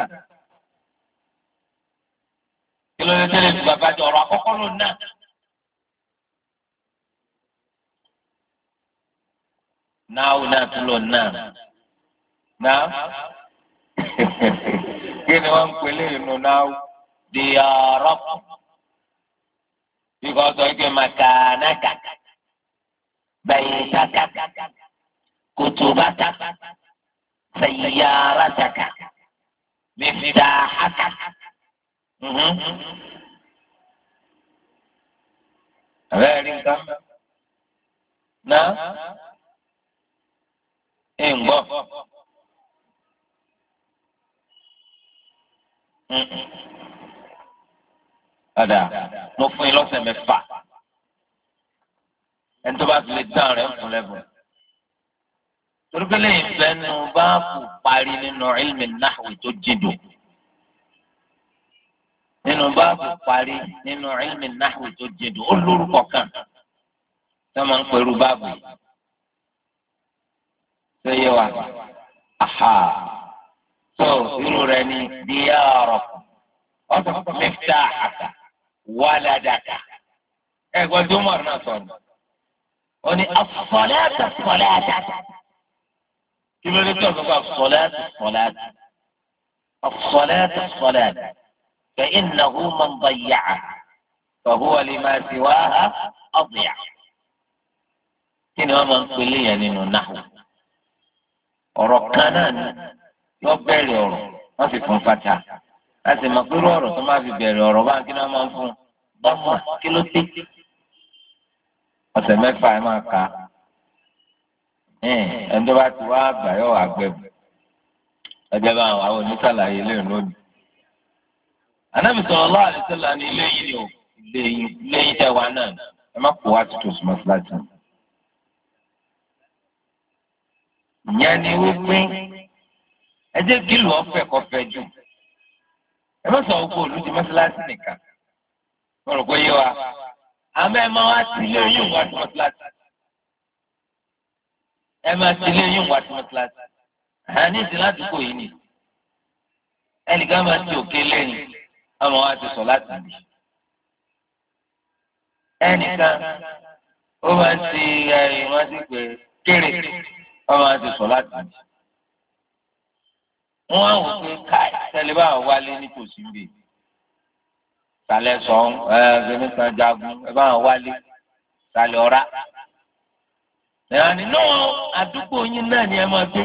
kí ló dé tó lè fi gbàgbá tà ọ̀rọ̀ àkọ́kọ́ ló ná. náà náà tún lọ náà náà kí ni wọ́n ń pè inú náà di ọ̀rọ̀ bí kò sọ pé màkà náà kàkà. بيتك كتبتك سيارتك مفتاحك ذلك نعم إن Ada, mo fún yín lọ́sẹ̀ mẹ́fà ẹni tó bá fi lè dáhùn rẹ̀ fún lẹ́bùn. torípélé ìfẹ́nu báàbù parí nínú ilmi nahwi tó jìndò. nínú báàbù parí nínú ilmi nahwi tó jìndò ó lórúkọ kan tó máa ń pẹ̀lú báàbù yìí. tó yẹ wa aha tó irú rẹ̀ ní díyàrọ̀ ọ̀sán mẹ́fíà àtà wàládàkà. ẹ̀ gbọ́dọ̀ mọ̀ọ́rọ̀ náà sọ̀rọ̀ ó ní afọláàtà fọláàtà kí ló dé tó ọ̀sán kó afọláàtà fọláàtà afọláàtà fọláàtà fẹ ìnáwó máa ń bá yàrá fàhùn àlìmáàsì wá á ọ̀bìyà kí ni wọ́n máa ń pèlè yẹn nínú náà ọ̀rọ̀ kan fata láti mọ̀ pé irú ọ̀rọ̀ tó fi bẹ̀rẹ̀ ọ̀rọ̀ báńkì náà máa ń fún bọ́mọ̀ kí ló ọ̀sẹ̀ mẹ́fà ẹ máa kà á ẹni tó bá ti wá àgbà yóò wá gbẹ̀bù ẹjẹ bá àwọn àwọn onísàlàyé lè lónìí. anábì sọ̀rọ̀ lọ́wọ́ àdìsẹ́là ní ilé yìí ni ò ilé yìí ilé yìí tẹ̀ wá náà ẹ má kó wá tuntun sí mọ́sálásí. ìyẹn ni wípé ẹ jẹ́ gílù ọ̀fẹ́ kọfẹ́ jù ẹ má sọ gbogbo olùdí mọ́sálásí nìkan wọ́n rò pé yé wa àmọ́ ẹ máa wá sílé oyún wá tó mọ́tíláṣí ẹ máa sílé oyún wá tó mọ́tíláṣí àní ìsìn láti kó yìí nì ẹnìkan máa ti òkè lẹ́yìn àmọ́ wá ti sọ láti bì ẹnìkan ó máa ń ti ẹ̀yìn wá sí pé kéré wọ́n máa ti sọ láti bì wọ́n á wò pé káì tẹ́lẹ̀ bá wà wálé nítòsí bíi sálẹ̀ sọ̀n ẹ bẹ́ẹ̀ni kan jagun ẹ bá wọn wálé sálẹ̀ ọ̀rá. ẹ̀rọ nínú àdúgbò yín náà ni ẹ máa gbé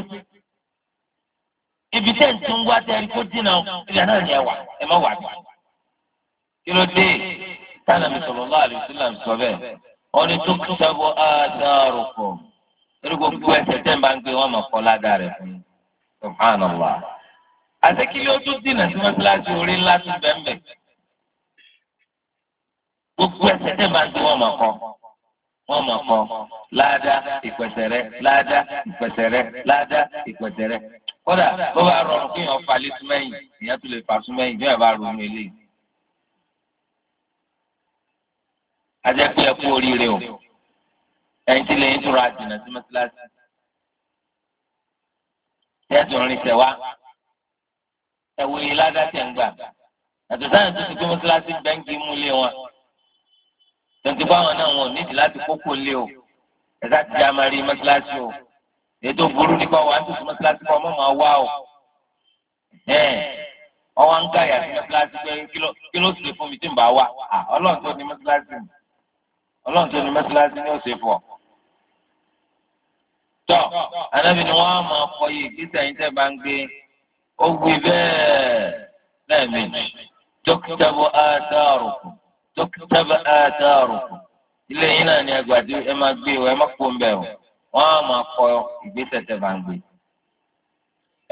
ibi tẹ́ ń tún wá tẹ́ ẹ kó dínà ilẹ̀ náà ni ẹ wà ẹ má wà bí. kí ló dé tánà mi sallallahu alaihi wasallam sọ bẹ́ẹ̀ wọ́n ní tó kí sẹ́wọ́ ádáàrú kọ̀ lórí gbogbo ẹsẹ̀ tẹ́ ń bá ń gbé wọn mọ̀ kọ́ ládàá rẹ̀ fún subhanallah. àti kí ló tún dínà sí mọ́tíláṣí orí ńlá tún bẹ́ẹ̀ bẹ́ẹ̀ gbogbo ẹsẹ̀ tẹ̀ máa ń gbé wọn mọ̀ kọ́ wọn mọ̀ kọ́ láàdá ìpẹ̀sẹ̀ rẹ láàdá ìpẹ̀sẹ̀ rẹ láàdá ìpẹ̀sẹ̀ rẹ. kódà bó bá rọrùn kí èèyàn falẹ̀ súnmẹ́yìn èèyàn tún lè fà súnmẹ́yìn bí wọ́n bá ronú eléyìí. ajẹ́ pé ẹ kú oríire o ẹ̀yin tí lẹ́yìn tó ra jìnnà sí mọ́sálásí. tẹ́sán rìn tẹ̀ wá ẹ̀wòye ládàá tẹ̀ ń gbà àtúntàn tó ti gbé mọ́sálásí bẹ́ńkì mú lé wọn tuntun báwọn náà wọn ò nídìí láti kókó lé o ẹ̀ka ti di amari mọ́sálásí o ètò burú nípa wà á tún mọ́sálásí kọ́ ọmọ máa wá o ọwọ́ ń ká yàtí mọ́sálásí pé kí ló sì fún mi tí ń bá wá ọlọ́run tó ní mi ọlọ́run tó ní ni ó fọ́ tọ́ anábì ni wọ́n á máa kọ yìí ìgbésẹ̀ yìí tẹ́ bá ń gbé ó bẹ́ẹ̀ lẹ́ẹ̀mejì dókítà bó á dáàrò kù tókítàbà àtàrò ilé yín náà ni ẹgbàdì ẹ máa gbé o ẹ má kó ń bẹ o wọn á máa kọ ìgbésẹ̀ tẹ bá ń gbé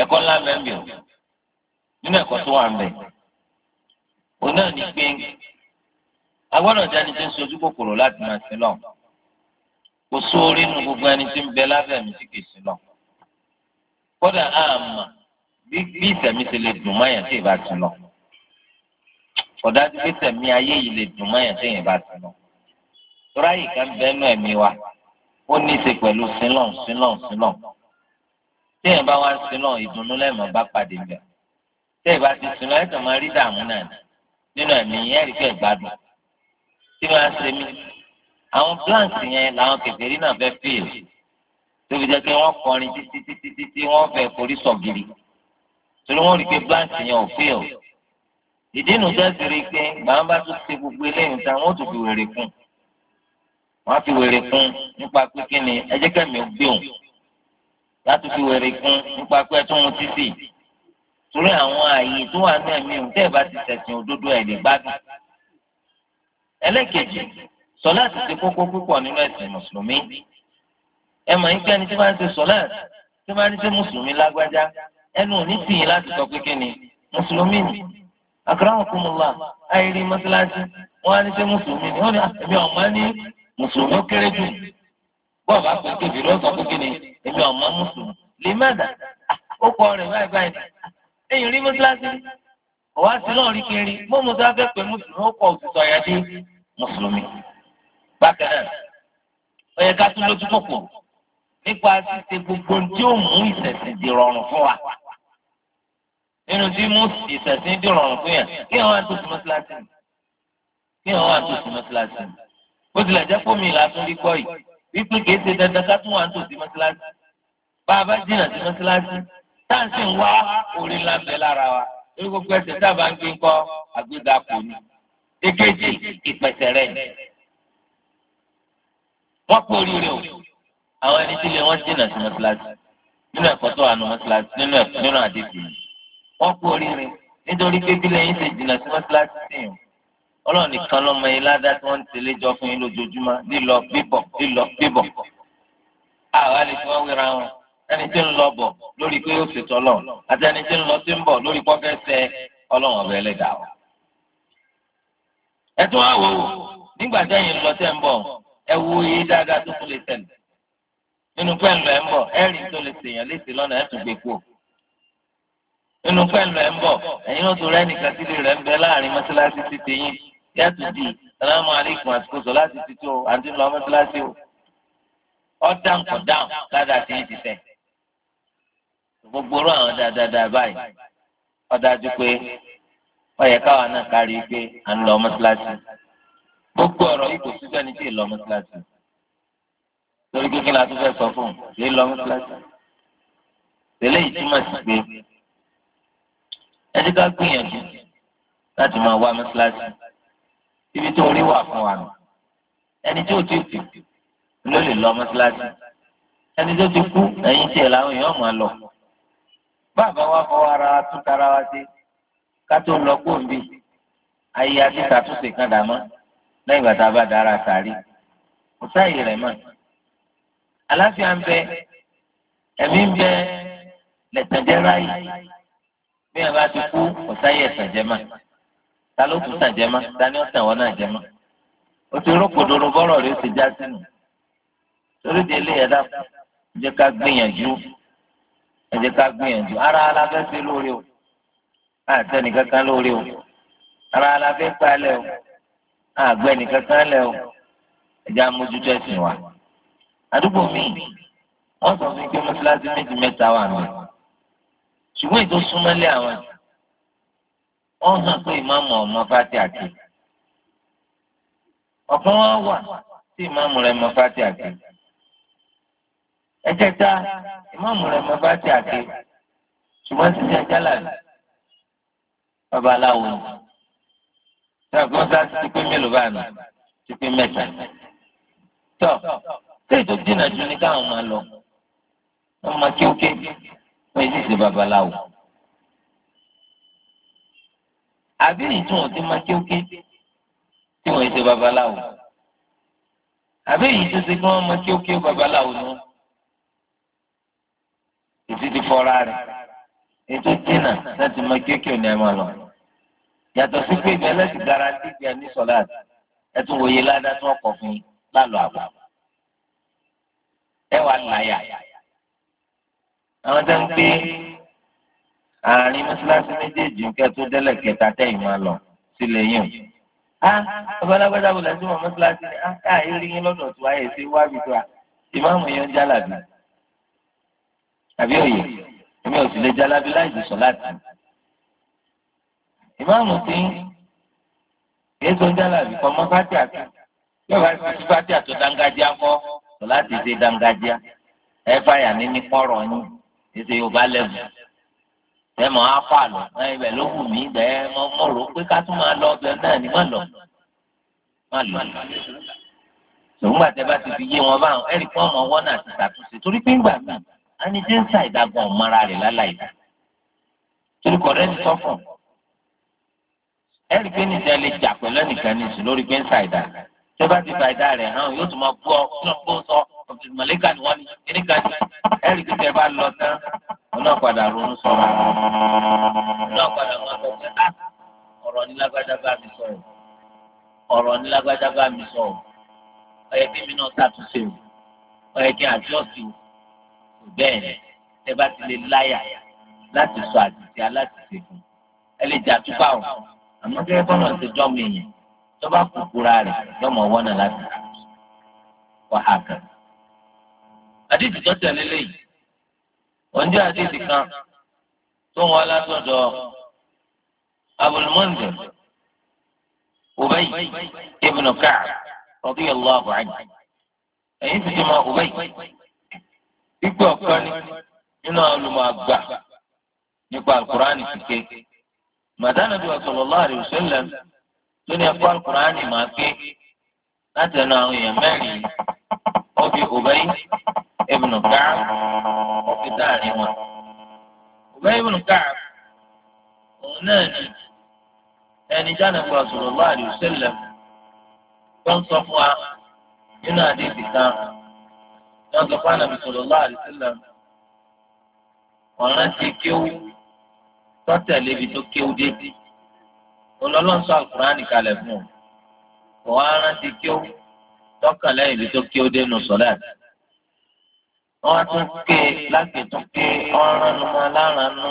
ẹ̀kọ́ ńlá mẹ́mbì o nínú ẹ̀kọ́ tó wà ń bẹ o náà ní pé agbọ́dọ̀ jáde tí ń sojú kòkòrò láti máa sí lọ kò sóore nu gbogbo ẹni tí ń bẹ lábẹ́ mi tí kì í sí lọ kódà àmà bí ìtẹ̀mí ti lè dùn máyà tí ì bá ti lọ kọ̀dájú pé tẹ̀mí ayé yìí lè dùn mọ́yàn téèyàn bá ti lọ. tóra yìí kan bẹ́ẹ̀nù ẹ̀mí wa ó ní í ṣe pẹ̀lú sílọ̀n sílọ̀n sílọ̀n. téèyàn bá wá sílọ̀n ìdùnnú lẹ́mọ̀ bá pàdé bẹ̀. téèyàn bá ti sílọ̀n ẹ̀tàn máa rí dààmú náà nínú ẹ̀mí yẹn rí fẹ́ gbádùn. tí máa ṣe mí àwọn blanc yẹn làwọn kèfèrí náà fẹ́ fíìlì tó fi jẹ́ pé wọ́n kọrin títí títí títí wọ́n fẹ́ forí sọ̀gìrì torí wọ́n rí pé blanc yẹn ò fíìlì ìdí nu jẹ́ sírí pé bàbá bá tún ṣe gbogbo eléyìí tán wọ́n tún fi wèrè kún wọ́n fi wèrè kún nípa pé ni ẹ jẹ́ kẹ́mi gbé òun láti fi wèrè kún nípa pé ẹ tún mu títì torí àwọn ààyè tó wà ní ẹ̀mí òun tẹ́ ẹ bá ti ṣẹ̀sìn òdodo ẹ̀ lè gbádùn. ẹlẹ́kẹ̀jì sọláàtì ti kókó púpọ̀ nínú ẹ̀sìn mùsùlùmí ẹ mọ̀ ní kí ẹni tí wọ́n ti sọláàtì tí wọ́n ti mùsùlùmí lágbájá ẹnu ò ní tìyín láti sọ pé kí ni mùsùlùmí ni akramakumullah àìrí mọ́sálásí wọ́n á ní sẹ́ mùsùlùmí ni wọ́n ní ẹ̀mí ah, ọ̀mọ́ ní mùsùlùmí ó kéré jù bọ́ọ̀ bá pè kébì ló sọ fún mi ẹ̀mí ọ̀mọ́ mùsùlùmí lè má dà ó kọ rẹ̀ báyìí báyìí ẹ̀yìn rí mọ́sálásí ọ̀wá sí náà rí kiri mọ́ mo sáfẹ́ pé mùsùlùmí ó kọ òtítọ́ yẹn dé mùsùlùmí bákan náà ká tún lójú kòkò nípa ṣíṣe gbogbo tí ó mú ìṣẹ̀ṣẹ̀ di rọrùn fún wa nínú tí mo ìṣẹ̀sìn dìrọ̀rùn fún yàn kí àwọn àtúntò mọ́sálásí mi kí àwọn àtúntò mọ́sálásí mi bó tilẹ̀ jẹ́ fómi ìlàsùn rí gbọ́ yìí wípé kìí ṣe dandan ká tún wà ń tòsí mọ́sálásí bá a bá jìnnà sí mọ́sálásí táǹsì ń wá orí ńlá ń bẹ lára wa lórí gbogbo ẹsẹ̀ tá a bá ń gbé ńkọ́ àgbéga kò ní. èkejì ìpẹ̀sẹ̀ rẹ̀ ni wọ́n pé oríire o àwọn ẹni tí ilé wọn jìnnà sí mọ́sálásí nínú ẹ̀kọ́ tó wà nù mọ́sálásí nínú àdéhùn yìí wọ́n kú oríire nítorí pé bí lẹ́yìn ṣe jìnnà sí mọ́ṣáláṣí sí yìí ọlọ́run nìkan lọ́mọ yín ládàá tí wọ́n ń tẹ̀lé jọ fún yín lójoojúmọ́ lílọ bíbọ̀ lílọ bíbọ̀ àwa lè fi wọ́n wéra wọn ẹni tí ń lọ bọ̀ lórí pé ó ṣètò ọlọ́run àti ẹni tí ń lọ sí ń bọ̀ lórí pọ́fẹ́sẹ̀ ọlọ́run ọ̀bẹ ẹlẹ́dàá wa. ẹ tún wá wò nígbà tẹ́yìn ń lọ tẹ́ ń bọ̀ ẹ wo iye dáadáa tó tún lè tẹ̀lé nínú pẹ́ńlọ ẹ̀ ń bọ̀ ẹ̀rìn tó lè ṣèyàn léṣe lọ́nà ẹ̀ tún gbé kúrò inú fẹ́ẹ̀lù ẹ̀ ń bọ̀ ẹ̀yin ó tún rẹ́ nìkan sílé rẹ̀ ń bẹ láàrin mọ́ṣáláṣí ti tẹ̀yìn yàtú di salamu aleykum àsìkò sọ láti ti tó àǹtí lọ mọ́ṣáláṣí o ọ́ dáhùn kò dáhùn ládà tí ń tìfẹ́ gbogbo rú àwọn dáadáa báyìí ó dájú pé ó yẹ káwa náà kárí pé à ń lọ mọ́ṣáláṣí gbogbo ọ̀rọ̀ yìí kò síbẹ̀ ní tí ì lọ mọ́ṣáláṣí torí kékeré la tún fẹ́ sọ fún ẹni ká gbìyànjú láti máa wá mọ́ṣáláṣí ibi tó rí wà fún wa nù ẹni tí ò ti kú ló lè lọ mọ́ṣáláṣí ẹni tó ti kú ẹ̀yìn tiẹ̀ làwọn èèyàn máa lọ bàbá wa fọwọ́ ara wa tún tara wa sí ká tó lọ kóńbì ayé àti tàtúnṣe kan dà lẹ́yìn ìgbà a bá dára sàárì kò sáàyè rẹ̀ mọ́ àlàáfíà ń bẹ ẹ̀mí ń bẹ lẹ̀tẹ̀dẹ́ ráyè bí ẹ bá ti kú kò sáyé ẹ̀sán jẹ́mà ta ló kù sàn jẹ́mà ta ni ó sàn wọn náà jẹ́mà ó ti rókòdòrò bọ́rọ̀ rẹ̀ ti já sínú torí di ilé ẹ̀dá ẹ jẹ́ ká gbìyànjú ẹ ká gbìyànjú ara alábẹ́ sí lórí o àtẹnì kankan lórí o ara alábẹ́ palẹ̀ o àgbẹ̀nì kankan lẹ̀ o ẹ jẹ́ amójútó ẹ̀sìn wa àdúgbò míì wọ́n sọ fún mi pé mọ́tíláṣí méjì mẹ́ta wà mí ṣùgbọ́n ètò súnmọ́lé àwọn ẹ̀ wọ́n hàn pé ìmáàmù ọmọ bá ti àti ọ̀kan wá wà tí ìmáàmù rẹ̀ mọ bá ti àti ẹ̀kẹta ìmáàmù rẹ̀ mọ bá ti àti ṣùgbọ́n ti ṣe jálàbí babaláwo ni ṣàgbọ́n sá ti pé mélòó bá nà ti pé mẹ́ta tọ́ tí ètò dínà jù ní káwọn máa lọ wọ́n máa kí ó kéèké wọ́n yìí sì ṣe babaláwo. àbí ìtún ọ̀tí máa kéwké tí wọ́n yìí ṣe babaláwo. àbí èyí tó ṣe kí wọ́n máa kéwké babaláwo ni wọ́n. èsì ti fọ́ra rẹ̀ ètò dínà láti máa kéwké ní ẹ̀ma lọ. yàtọ̀ sí pé ìgbà ẹlẹ́sìn gara sí ìgbà ní sọ̀láàtì ẹ̀ tún wòye ládàá tí wọ́n kọ̀ fún yín lálọ́ àbá. ẹ wà láyà yàyà àwọn tó ń gbé àárín mọ́ṣáláṣí méjèèjì ń kẹ́ tó délẹ̀ kẹta tẹ̀yìn máa lọ sílẹ̀ yìí o. a ọ̀bọ̀lágbádá wò lẹ́sìn wọn mọ́ṣáláṣí ni a ká àìrí yín lọ́dọ̀ tó ayé ṣe wá bí tó a ìmáàmù yẹn ń jálàbí. àbí òye èmi ò sì lè jálàbí láì dùsọ̀ láti. ìmáàmù ti ń èso ń jálàbí kọ́ mọ́ fátì àti yọ̀bá ti fátì àti dangájíá kọ́ láti ṣe dangájíá ẹ fàyà ní ní kọ́rọ̀ yín títí yorùbá lẹ́mù ẹ mọ̀ á fà lọ ibẹ̀ ló wù mí ibẹ̀ mọ̀ mọ̀ rò pé ká tún máa lọ ọbẹ̀ náà ni má lọ má lọ. sòwúgbà tẹ bá ti fi yé wọn báwọn ẹ̀rí fún ọmọ wọn náà ti ṣàtúnṣe torí pé ńgbà náà á ní jẹ́ ń sa ìdágbọ̀n mọ́ra rẹ̀ láláì dá torí kọ̀ọ̀rẹ́ ti sọ fún pé níjà lè jà pẹ̀lú ẹnìkan ní ìsìn lórí pé ń sa ìdágbọ̀n tí ó bá ti fàyídà rẹ̀ hàn yóò tún máa bú ọ kí wọn bó sọ ọ̀gbìn mọ̀lẹ́kà ni wọ́n ní kíní kan ní ẹ̀rí kí tẹ bá lọ tán ọ̀nà padà ronú sọ̀rọ̀ ọ̀nà padà wọn sọ pé á ah, ọ̀rọ̀ nílágbájá bá mi sọ̀rọ̀ ọ̀rọ̀ nílágbájá bá mi sọ̀rọ̀ ọ̀yẹ́ kí mi náà ṣàtúnṣe o ọ̀yẹ́ kí àjọṣe o bẹ́ẹ̀ ni tẹ bá ti lè láyà láti sọ àtìsí alátìsí fún ẹ lè jà túbà o àmọ́ kí náà ṣe jọ́ mi yẹn tọ́ba kúkúra rẹ̀ yọmọ wọ́nà láti wà á àdìsí tó tẹ̀lé léyìí wọ́n jẹ́ àdìsí kan tó wọn látọ̀dọ̀ Abul Ubay Ibnu Ka'b radiyallahu anhu ẹ̀yìn ti ti Ubay ipò ọ̀kan ni nínú àwọn àgbà nípa al ti ké lórí ẹ̀kọ́ àkùránì máa gbé láti ẹnu àwọn èèyàn mẹ́rin wọ́n fi Ubay ibn Ka'b wọ́n fi dáàrin wọn. Ubay ibn Ka'b òun náà ni ẹni jáde fún sallallahu alaihi wasallam tó ń sọ fún wa nínú àdéhùn kan wọ́n sọ fún Ànábì sallallahu alaihi wasallam ọ̀ràn ti kéwú tọ́tẹ̀lé ibi tó kéwú dé olólùsọ alukurani kalẹ̀ fún un kò wá rántí kí ó tọ́kàn lẹ́yìn ibi tó kí ó dénú sọ́lá wọ́n tún ké láti tún ké ọ̀ràn numọ alárànú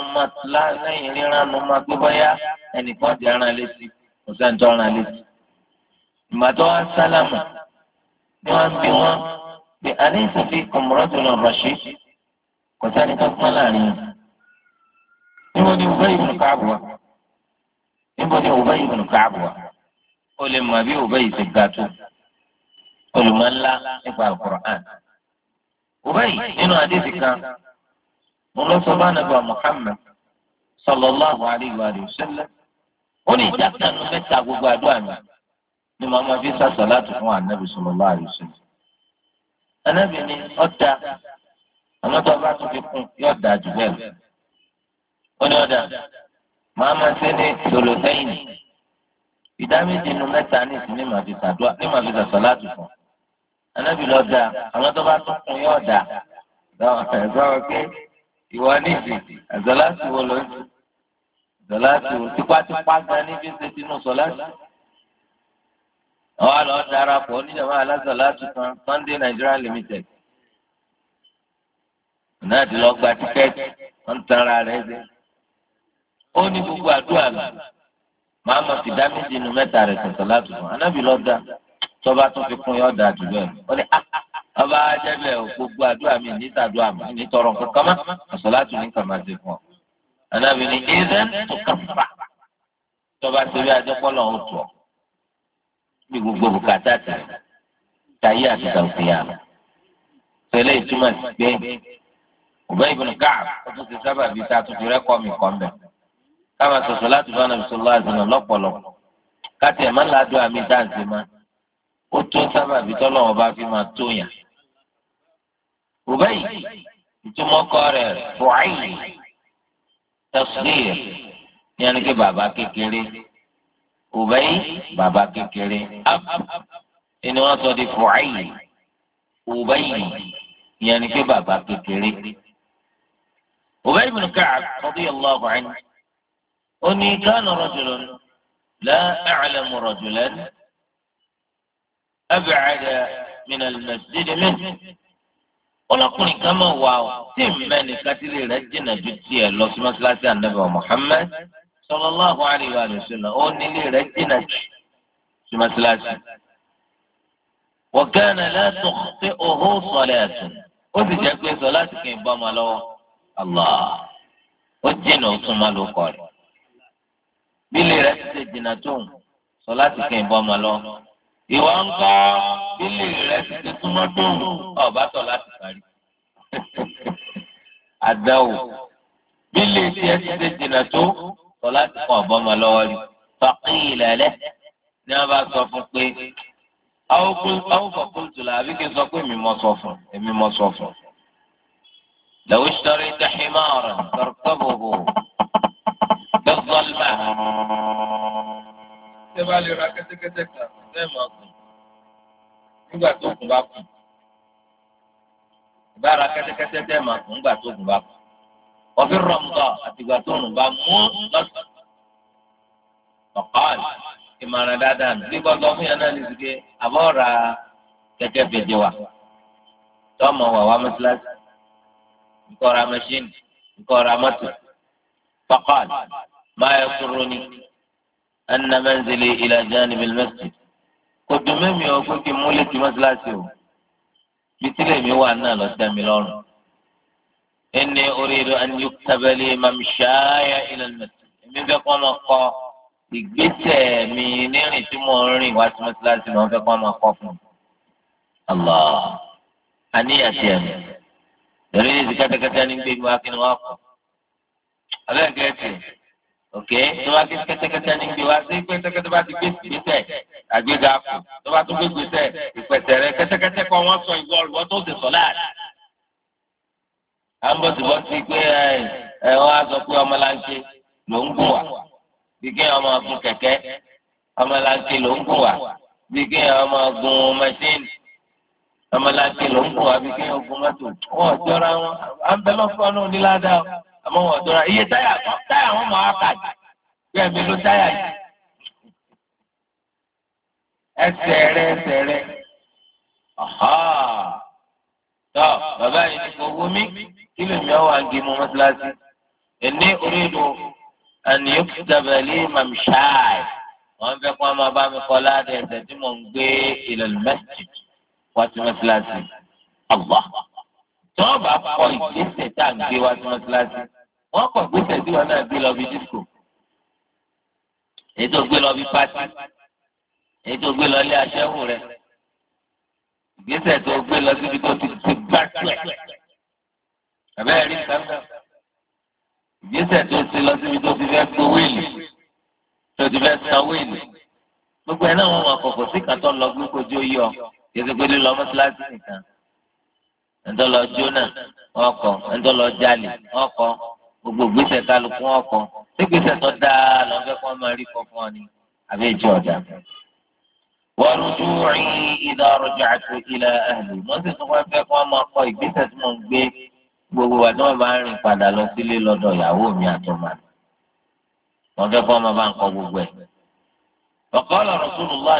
lẹ́yìn ríran numọ gbígbọ́yá ẹnìkan ti rán létí kò sẹ́ni tó rán létí. ìgbà tó wá sálámù ni wọ́n bí wọ́n bí àdéhùn fi kọ̀mọ́rọ́tò lọ rọ̀ṣẹ́ kò sẹ́ni tó pọ́n láàrin. níbo ni ìwé ìlú káàbọ̀ wá níbo ni Ubay ibn Ka'b wà ó lè mọ bí Ubay ti ga tó olùmọ̀ńlá nípa alukur'an Ubay nínú àdéhùn kan mo lọ sọ bá nàbà Muhammad sallallahu alayhi wa sallam ó ní ìjà kanu mẹ́ta gbogbo àdúrà mi ni màá ma fi sàṣà láti fún anabi sallallahu alayhi wa sallam anabi ni ọ̀dà àmọ́tọ́ bá tún fi kún yóò dà jù bẹ́ẹ̀ ó ní ọ̀dà màá máa ṣe ní tòlósẹ́yìn ìdá méjì nu mẹ́ta ní ìsinmi màá fi sàdúrà ní màá fi sàṣọ láti fún anábì lọ da àwọn tó bá tún kun yóò da sọ̀rọ̀ pé ìwọ níbi àṣọ láti wọ lọ sí àṣọ láti wọ tipátipá gan níbi ṣe tinú sọ láti àwọn àlọ́ darapọ̀ oníjàmbá aláṣọ láti kan Sunday Nigeria Limited náà ti lọ gba tíkẹ́ẹ̀tì wọ́n ń tanra rẹ̀ dé ó ní gbogbo àdúrà rẹ màá mọ fìdá méjì nu mẹ́ta rẹ tẹ̀sán láti fún anábì lọ́dà tọ́ba tó fi kún yọ̀ọ́dà àdúgbò ẹ̀ ó ní ah, ah, ah, ọba ajẹ́bẹ̀ gbogbo àdúrà mi nítàdúrà mi nítorọ̀ kankan mọ́ ọ̀sán láti ní kàmá ṣe fún ọ. anábì ní ẹ̀rẹ́ tó kàfà tọ́ba ṣe bí ajẹ́pọ́lọ̀ ń tọ̀ bí gbogbo bùkátà tẹ̀ táyé àti tàwùfìyà tẹ̀lé ìtumọ̀ sí pé ọ̀bẹ́ ìbùnú káà ó tún ti sábà bíi tá a fi rẹ́kọ̀ọ́ mi kọ́ mbẹ́ káma sọ̀sọ̀ láti bá nàbì sọ̀rọ̀ láti nà lọ́pọ̀lọpọ̀ káti ẹ̀ má ládù àmì dáǹsì má ó tó sábàbí tọ́lọ̀ ọba fi máa tó yàn. Ubayy ìtumọ̀kọ rẹ̀ fùáyì tasghir yẹn ni kí bàbá kékeré Ubayy bàbá kékeré ab ẹni wọ́n sọ di fùáyì Ubayy yẹn ni kí bàbá kékeré. Ubayy ibn Ka'b radiyallahu anhu ó ní gánà rọjòlón láàlẹ mọ rọjòlón abẹ́rẹ́ mìíràn mẹsídìí mi ọlọkùnrin kan máa wà ó tí mẹ́ni kátìlì rẹ̀ jìnnà ju tiẹ̀ lọ sí mọ́sálásí ànábẹ́ Muhammad sallallahu alaihi wa sallam ó nílé rẹ̀ jìnnà jù sí mọ́sálásí. وكان لا تخطئه صلاة وفي جاكوي صلاة كي بام الله الله وجن وصم له قال bílé rẹ ti ṣe jìnnà tó ń sọ láti kẹ́ ìbọn ọmọ lọ. ìwọ ń kọ́ bílé rẹ ti ṣe súnmọ́ tó ń ọba tọ̀ láti parí. àdáwò bílé tiẹ̀ ti ṣe jìnnà tó sọ láti kọ́ ọ̀bọ ọmọ lọ́wọ́ rí. fàkìlì lẹ́lẹ́ ni wọ́n bá sọ fún pé àwọn fọkùntù là àbí kí n sọ pé èmi mọ sọ fún èmi mọ sọ fún. لو اشتريت lọ́sọ̀lá. Ṣé bá lè ra kẹ́tẹ́kẹ́tẹ́ kan bẹ́ẹ̀ máa kù? Nígbà tó kù bá kù. Ìbá ra kẹ́tẹ́kẹ́tẹ́ bẹ́ẹ̀ máa kù nígbà tó kù bá kù. Wọ́n fi rọ̀mùtọ̀ àtìgbà tó rùn bá mú lọ́sọ̀lá. Ọ̀páàlì ìmọ̀ràn dáadáa nù. Bí gbọ́dọ̀ fún yẹn ní sike, àbọ̀ kẹ̀kẹ́ bèjì wa. Tọ́mọ wà wá mọ́sálásí. Nkọ́ra mẹ́ṣíìnì, nkọ́ra mọ́tò. ما يسرني أن منزلي إلى جانب المسجد kòtò mẹ́mi ọ̀ pé kí n múlẹ̀ tí mọ́sálásí o fitilẹ̀ mi wà náà lọ sẹ́ mi lọ́rùn ẹni oríire ẹni tábẹ́lì mamṣáyà ìlànàmẹ́sì èmi fẹ́ kọ́ ọmọ kọ ìgbésẹ̀ mi nírìn tí mo ń rìn wá sí mọ́sálásí lọ́wọ́ fẹ́ kọ́ ọmọ kọ fún mi. Allah àníyàn tiẹ̀ mi lórí ní ti kẹ́tẹ́kẹ́tẹ́ ní gbé mi wá kí ni wọ́n kọ́ abẹ́rẹ́ gẹ́tì. ok tó bá ti kẹtẹkẹtẹ ní gbé wa sí kẹtẹkẹtẹ bá ti gbé gbèsè àgbéga kù tó bá tún gbé gbèsè ìpẹsẹ rẹ kẹtẹkẹtẹ kọ wọn sọ ìwọ ìwọ tó ti sọ láàrin. à ń bọ̀ síbọ̀ sí pé ẹ wọ́n á sọ pé ọmọlanke ló ń gùn wá bí kí ọmọ gun kẹ̀kẹ́ ọmọlanke ló ń gùn wá bí kí ọmọ gun mẹsìnì ọmọlanke ló ń gùn wá bí kí ọmọ gun mẹtò wọ́n wọn à ń bẹ lọ́fọ́ náà nílá dáa àmọ́ wọn tó ra iye táyà kan táyà wọn máa kà jù bí ẹ̀mí ló táyà yìí. ẹsẹ̀ rẹ ẹsẹ̀ rẹ tọ́ bàbá yìí ni kò wú mi kí lè mi ọ̀wá gé mu mọ́tíláṣí ẹni orí ìlú àníyàn kìtàbẹ̀lì màmṣáì wọ́n fẹ́ kó ọmọ bá mi kọ́ láti ẹsẹ̀ tí mò ń gbé ìlẹ̀lú mẹ́sìtì wá sí mọ́tíláṣí. Allah tọ́ bá kọ ìgbésẹ̀ tá à ń gbé wá sí mọ́tíláṣí wọ́n kọ̀ gbèsè tí wọn náà gbé lọ bí disco èyí tó gbé lọ bí pati èyí tó gbé lọ ilé aṣẹ́wó rẹ ìgbésẹ̀ tó gbé lọ síbi tó ti ti gbà pẹ́ àbẹ́rẹ́ rí sáńdà ìgbésẹ̀ tó ti lọ síbi tó ti fẹ́ gbowó èlé tó ti fẹ́ sanwó èlé gbogbo ẹ̀ náà wọ́n wà kọ̀kọ̀ sí kàtọ́ lọ gbé kojú oyè ọ kìí pé lílọ mọ́sálásí nìkan ẹ̀ńtọ́ lọ jóná ọkọ̀ ẹ̀ńtọ́ lọ jálè ọkọ̀ gbogbo gbèsè kálukú wọn kọ ṣé gbèsè tó dáa lọ́n fẹ́ kọ́ máa rí kọ́ fún ọ ni àbí ìjọ ọ̀dà. wọ́n rújú rí ìdá ọ̀rọ̀jà àti ilẹ̀ ẹ̀lú wọ́n sì tún wá fẹ́ kọ́ máa kọ ìgbésẹ̀ tí mò ń gbé gbogbo wa tí wọ́n bá ń rìn padà lọ sílé lọ́dọ̀ ìyàwó mi àtọ́mà wọ́n fẹ́ kọ́ máa bá ń kọ gbogbo ẹ̀. ọ̀kọ́lọ̀ rasulullah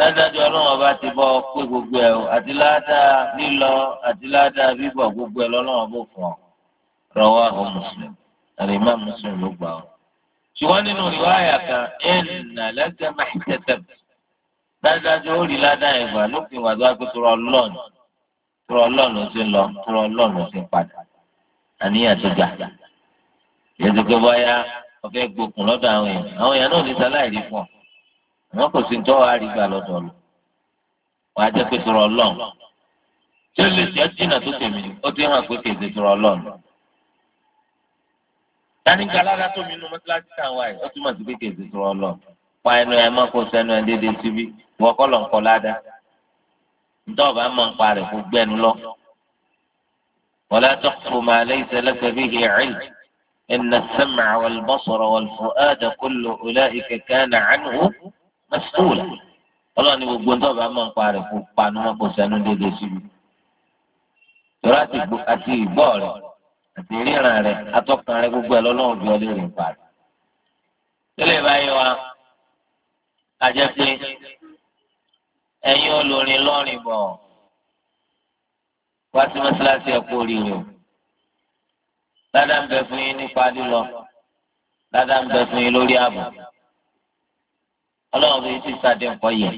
ládájọ́ ọlọ́run ọba ti bọ́ pé gbogbo ẹ̀ o àti ládàá lílọ àti ládàá bíbọ̀ gbogbo ẹ̀ lọ́lọ́run ọba fún ọ rọwọ́ àwọn mùsùlùmí àlèmá mùsùlùmí ló gbà ọ. ṣùgbọ́n nínú ìwáyà kan ẹ̀ẹ́nà lẹ́sẹ̀ máa ń tẹ̀tẹ̀ dájọ́ ó rí ládàá ẹ̀ gbà lópin ìwà tó wá pé tọrọ ọlọ́run tọrọ ọlọ́run ti lọ tọrọ ọlọ́run ti padà àníyàn tó gbà. yẹ́n ti gbọ́ báyà ọ wọn kò sí tọ́wọ́ àrígbà lọ́dọ̀ lọ wọn á jẹ́ pé sọ̀rọ̀ ọlọ́run tí ó lè jẹ́ jìnnà tó tèmi ó ti hàn pé kèsè sọ̀rọ̀ ọlọ́run tani galára tó mi nu mọ́tíláṣí táwa yìí ó túmọ̀ sí pé kèsè sọ̀rọ̀ ọlọ́run pa ẹnu ẹ má kó sẹ́nu ẹ déédéé síbí wọ́n kọ́ lọ́n kọ́ ládàá ntọ́ ọba máa ń pa kó gbẹ́nu lọ. wala taqfu ma laysa laka bihi ilm inna as-sam'a wal-basara wal-fu'ada kullu mẹsùlùmí ọlọ́run ni gbogbo ńdọ́ba máa ń parẹ́ kó panu wọn kó sẹ́nu déédéé síbi. ìrora àti ìgbọ́ rẹ̀ àti ríran rẹ̀ atọ́kan rẹ̀ gbogbo ẹ̀ lọ́lọ́run bí ọdún rìn parí. tẹ́lẹ̀ báyìí wa a jẹ́ pé ẹ̀yin olórin lọ́rin bọ̀ wá sí mọ́ṣáláṣí ẹ̀kọ́ oríire o. dáadáa ń bẹ fún yín nípa lílọ dáadáa ń bẹ fún yín lórí ààbò. ọlọ́run bíi ti sàdé nǹkan yẹ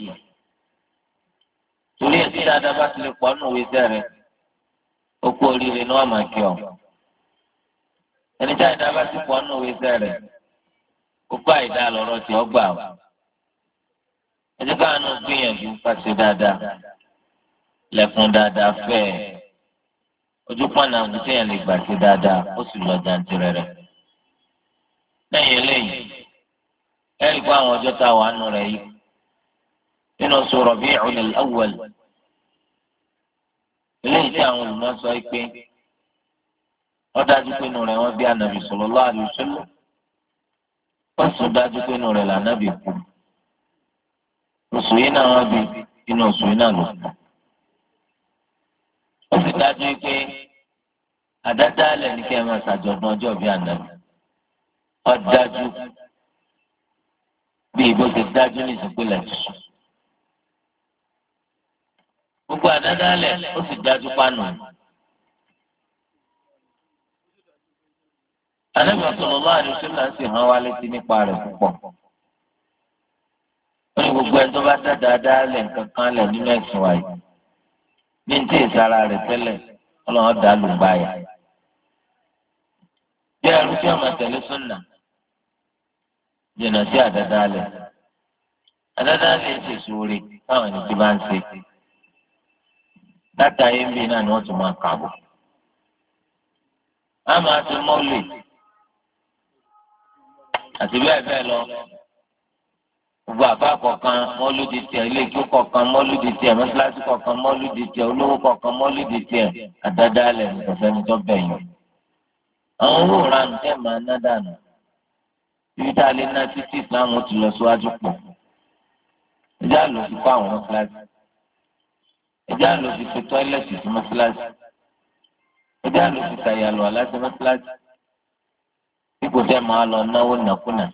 torí ẹ̀sìn dáadáa bá ti lè pọ̀ nù wí sẹ́rẹ̀ okú oríire ni kí ọ ẹni tí àìdá bá ti pọ̀ nù rẹ, sẹ́rẹ̀ okú àìdá lọ́rọ́ tí ọ gbà ọ ẹni káàánú gbìyànjú pàṣẹ dáadáa lẹ́kùn dáadáa fẹ́ẹ̀ ojú pọ̀nà àgùntàn lè gbà dáadáa ó sì lọ lẹ́yìn ẹ̀rí kó àwọn ọjọ́ tá a wà nù rẹ̀ yìí nínú oṣù Rabi'ul Awwal eléyìí tí àwọn olùmọ̀ sọ pé wọ́n dájú pé nù rẹ̀ wọ́n bí ànábì sallallahu alaihi wasallam wọ́n sì dájú pé nù rẹ̀ lànàbì kú oṣù náà wọ́n bí inú oṣù yìí náà ló kù ó sì dájú pé àdádálẹ̀ ní kẹ́ ẹ máa ṣàjọ̀dún ọjọ́ bí ànábì ó bí ìbò ti dájú ní ìsìnkúlẹ̀ ti sùn. gbogbo àdádálẹ̀ ó sì dájú pánù. àlẹ́bàá sọ̀rọ̀ lọ́wọ́ àdìsílà ń sì hàn wá létí nípa rẹ̀ púpọ̀. ó ní gbogbo ẹni tó bá dá dáadáa lẹ̀ kankan lẹ̀ nínú ẹ̀sìn wáyé. ní ní tí ìsara rẹ̀ tẹ́lẹ̀ ọlọ́run dá lù báyà. bí ẹrú tí ọmọ tẹ̀lé sọ́nà jìnnà sí àdáda lẹ̀ àdáda lè ṣe sóore táwọn ẹni tí bá ń ṣe láti ayé ń bí náà ni wọ́n tún máa kàbọ̀ a máa ti mọ́lẹ̀ àti bẹ́ẹ̀ bẹ́ẹ̀ lọ gbogbo àbá kọ̀ọ̀kan mọ́lúdi tiẹ̀ ilé ìjó kọ̀ọ̀kan mọ́lúdi tiẹ̀ mọ́sálásí kọ̀ọ̀kan mọ́lúdi tiẹ̀ olówó kọ̀ọ̀kan mọ́lúdi tiẹ̀ àdáda lẹ̀ nìkan fẹ́ni tó bẹ̀yìn àwọn owó ìranù tẹ̀ máa ná dànù títí alẹ́ náà títí ìsìláàmù ti lọ síwájú pọ̀ ẹjẹ́ àlọ́ fi kọ́ àwọn mọ́sálásí ẹjẹ́ àlọ́ fi fi tọ́ílẹ̀tì sí mọ́sálásí ẹjẹ́ àlọ́ fi tàyàlọ́ aláṣẹ mọ́sálásí ipò tẹ́ máa lọ náwó nàkúnà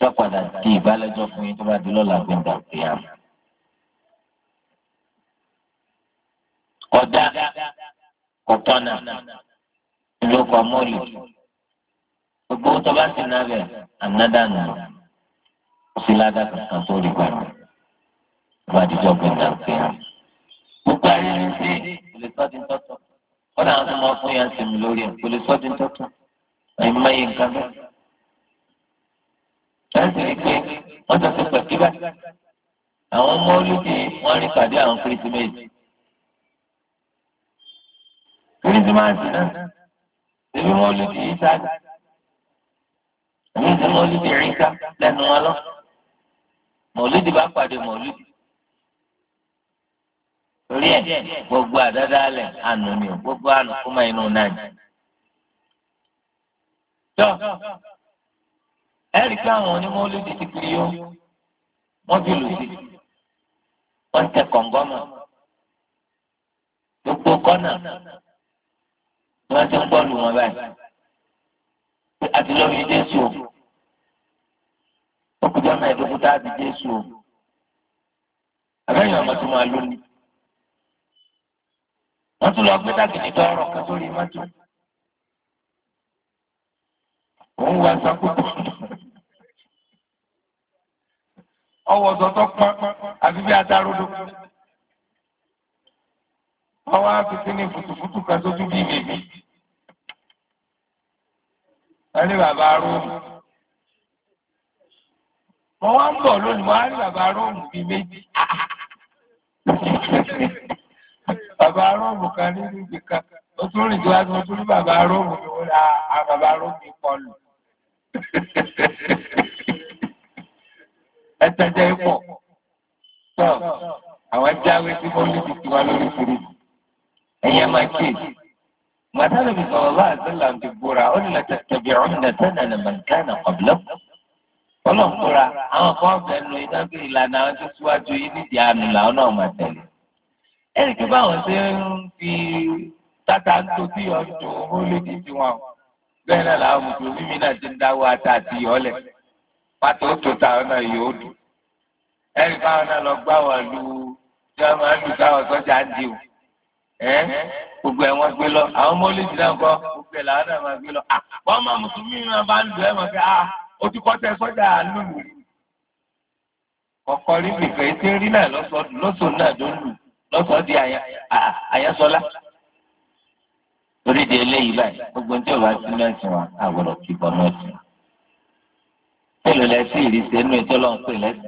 tọ́padà di ìbálẹ́jọ́ fún yín tó bá di lọ́la gbẹ̀ngà ìyàmù. ọ̀dà kọ̀tọ́nà ló kọ́ mọ́lì gbogbo tó bá sì nábẹ̀ ànádànù sí ládàá kankan tó rí gbàgbé bá àdìjọ́ gbẹ̀dà pé hàn. gbogbo ayé ń ṣe kò lè sọ́dí tọ́tọ̀ kọ́dà àwọn tó máa fún yàn sèmi lórí ẹ̀ kò lè sọ́dí tọ́tọ̀ ẹ̀ má yẹ nǹkan bẹ́ẹ̀. láti rí i pé wọ́n tọ́ sí pẹ̀kíbà àwọn ọmọ olùdí wọn rí pàdé àwọn kérésìmesì. kérésìmesì náà ṣèlú wọn olùdí yìí sáájú. ẹ̀yin tí dị rìn ká lẹ́nu wọn lọ mọ̀lídìí bá pàdé mọ̀lídìí torí ẹ̀ gbogbo àdáda alẹ̀ ànú ni o gbogbo ànú kó máa inú náà ni. tọ́ ẹ̀rí pé àwọn onímọ̀lídìí ti kiri yó wọ́n ti lù sí wọ́n tẹ kọ̀ǹgọ́mọ̀ gbogbo kọ́nà wọ́n ti ń wọn báyìí. àti lórí Jésù ó kùjọ́ náà ìdókòó tá a di Jésù àbẹ́yìn ọmọ tó máa lónìí. wọ́n tún lọ gbé dàgìdì dọ́rọ̀ kan sórí mọ́tò. òun wá sakókò. ọwọ́ sọ́tọ́ pọ́n àbí bí atarodo. ọwọ́ á fi fùtùfùtù kan sójú bíi bèbí. ẹni bàbá róòmù mo wá ń bọ̀ lónìí mo wá rí bàbá róòmù bíi méjì bàbá róòmù kan nínú ibi kan ó tún rìn tí wá tí mo tún rí bàbá róòmù mi wọ́n ra ah, ah, bàbá róòmù kọlù ẹtẹjẹ ipò tọ àwọn jáwé tí mo lè fi tiwa lórí kiri ẹyẹ máa kéèké màtánà bí sọ̀rọ̀ bá àtúnlá ti gbóra ó ní láti tẹ̀bi ọ̀hún náà sẹ́nà ní mẹ̀kánà ọ̀bìlọ́. ọlọ́run gbóra àwọn kan fẹ́ nu iná bí ìlànà àwọn tó síwájú yìí nídìí àánú làwọn náà máa tẹ̀lé. ẹnì kí báwọn ṣe ń fi tata ń tó tí ọ̀ tó ó lédi náà làwọn mùsùlùmí mi náà ti ń dáwọ́ ata àti ìyọ́lẹ̀ pàtó tó táwọn náà yóò dùn. ẹnì káwọn náà lọ gbáwọn lu tí wọn máa ń lù káwọn sọ́jà ń dìbò ẹ eh? gbogbo ẹ gbé lọ àwọn mọlẹbí náà kọ gbogbo ẹ làwọn náà máa gbé lọ wọn ah, máa mùsùlùmí náà bá ń ah, lù ẹ sọjà kọkọ rí bìkẹ etí rí náà lọsọdún náà ló eléyìí báyìí gbogbo ní ọba tí náà sùn náà sùn. ìrísí ẹnu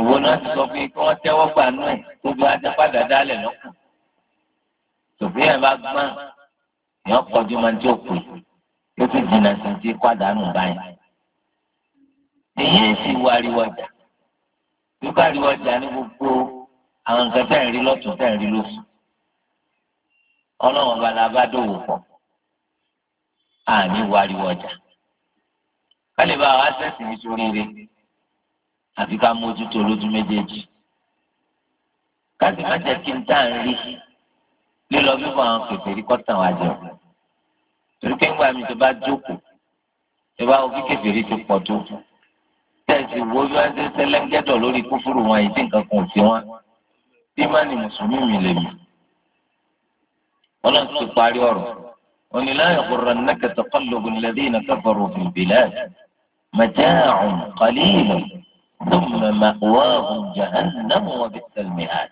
ìwọ náà ti sọ pé kí wọ́n tẹ́wọ́ gbà nú ẹ̀ gbogbo adápadà dálẹ̀ lọ́kàn tòbí ẹ̀ bá gbọ́n èèyàn kọjú máa ń tí ó pè yóò fi jìnnà sí ti pàdánù báyìí èyí sì wá ariwọjà wípé ariwọjà ní gbogbo àwọn nǹkan tẹ̀ ń rí lọ́tún tẹ̀ ń rí lóṣù ọlọ́run ọba la pọ̀ àní wá ariwọjà kálí wa sẹ́sìn nítorí rẹ̀ àfi ká mójútó lójú méjèèjì káàdì má jẹ́ kí n tá à ń rí lílọ bíbọ̀ àwọn kèfèrí kọ́tàn wá jẹun torí pé ńgbà mi tó bá jókòó tó bá òbí kèfèrí ti pọ̀ tó tẹ̀sí wo bí wọ́n ṣe sẹ́lẹ̀ńgẹ́dọ̀ lórí kúfúrú wọn yìí tí nǹkan kan ò sí wọn bí má ní mùsùlùmí mi lè mí wọn náà ti parí ọ̀rọ̀ òní láyé kúrò nàkàtà kọlùkù lẹ́dí nàkàfọ̀rọ̀ fìbìlẹ̀ mẹjẹ́ àwọn kọ́lí ìlú. ثم مأواهم جهنم وبئس المهاد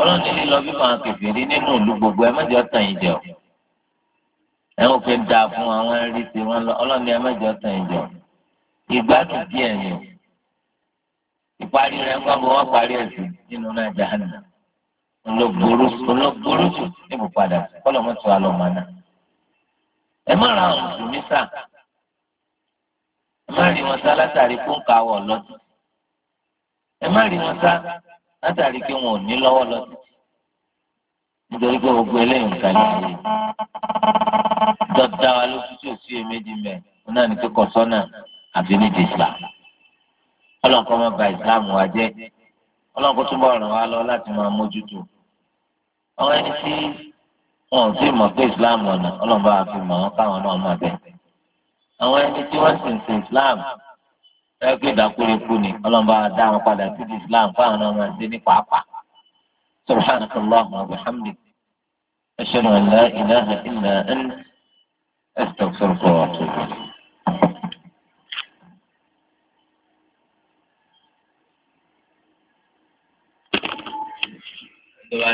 ọlọ́run ní lílọ bí máa kẹfìrí nínú ìlú gbogbo ẹ mẹ́jọ tàn yín jẹ o ẹ̀wọ̀n fi ń dáa fún àwọn ẹ̀rí tí wọ́n lọ ọlọ́run ní ẹ mẹ́jọ tàn yín jẹ ìgbádùn díẹ̀ ni o ìparí rẹ̀ ń gbọ́n wọ́n parí ẹ̀sìn nínú náà jahanna olóburú olóburú jù níbo padà kọ́lọ̀ mọ́tò alọ́mọ́nà ẹ má ra àwọn mùsùlùmí sà ẹ má rí wọn sá látàrí kó ń kà wọ̀ lọ́dún ẹ má rí wọn sá látàrí pé wọn ò ní lọ́wọ́ lọ nítorí pé gbogbo eléyìí nǹkan yìí dọ́dá wa lójú tí ò sí èméjì mẹ́ wọn náà ní pé kọ̀sọ́nà àfi ní ti Islam ọlọ́nkọ́ máa ba Islam wa jẹ́ ọlọ́nkọ́ túbọ̀ ràn wá lọ láti máa mójútó àwọn ẹni tí wọn ò sì mọ̀ pé Islam ọ̀nà ọlọ́nba àfi mọ̀ wọn káwọn náà máa bẹ̀ àwọn ẹni tí wọ́n sì ń sin Islam ẹgbẹ ìdákúrekú ni ọlọmọba dáhùn padà sí ti islam fáwọn náà máa ṣe ní pàápàá subhanaka allahumma wa bihamdik ashhadu an la ilaha illa anta astaghfiruka wa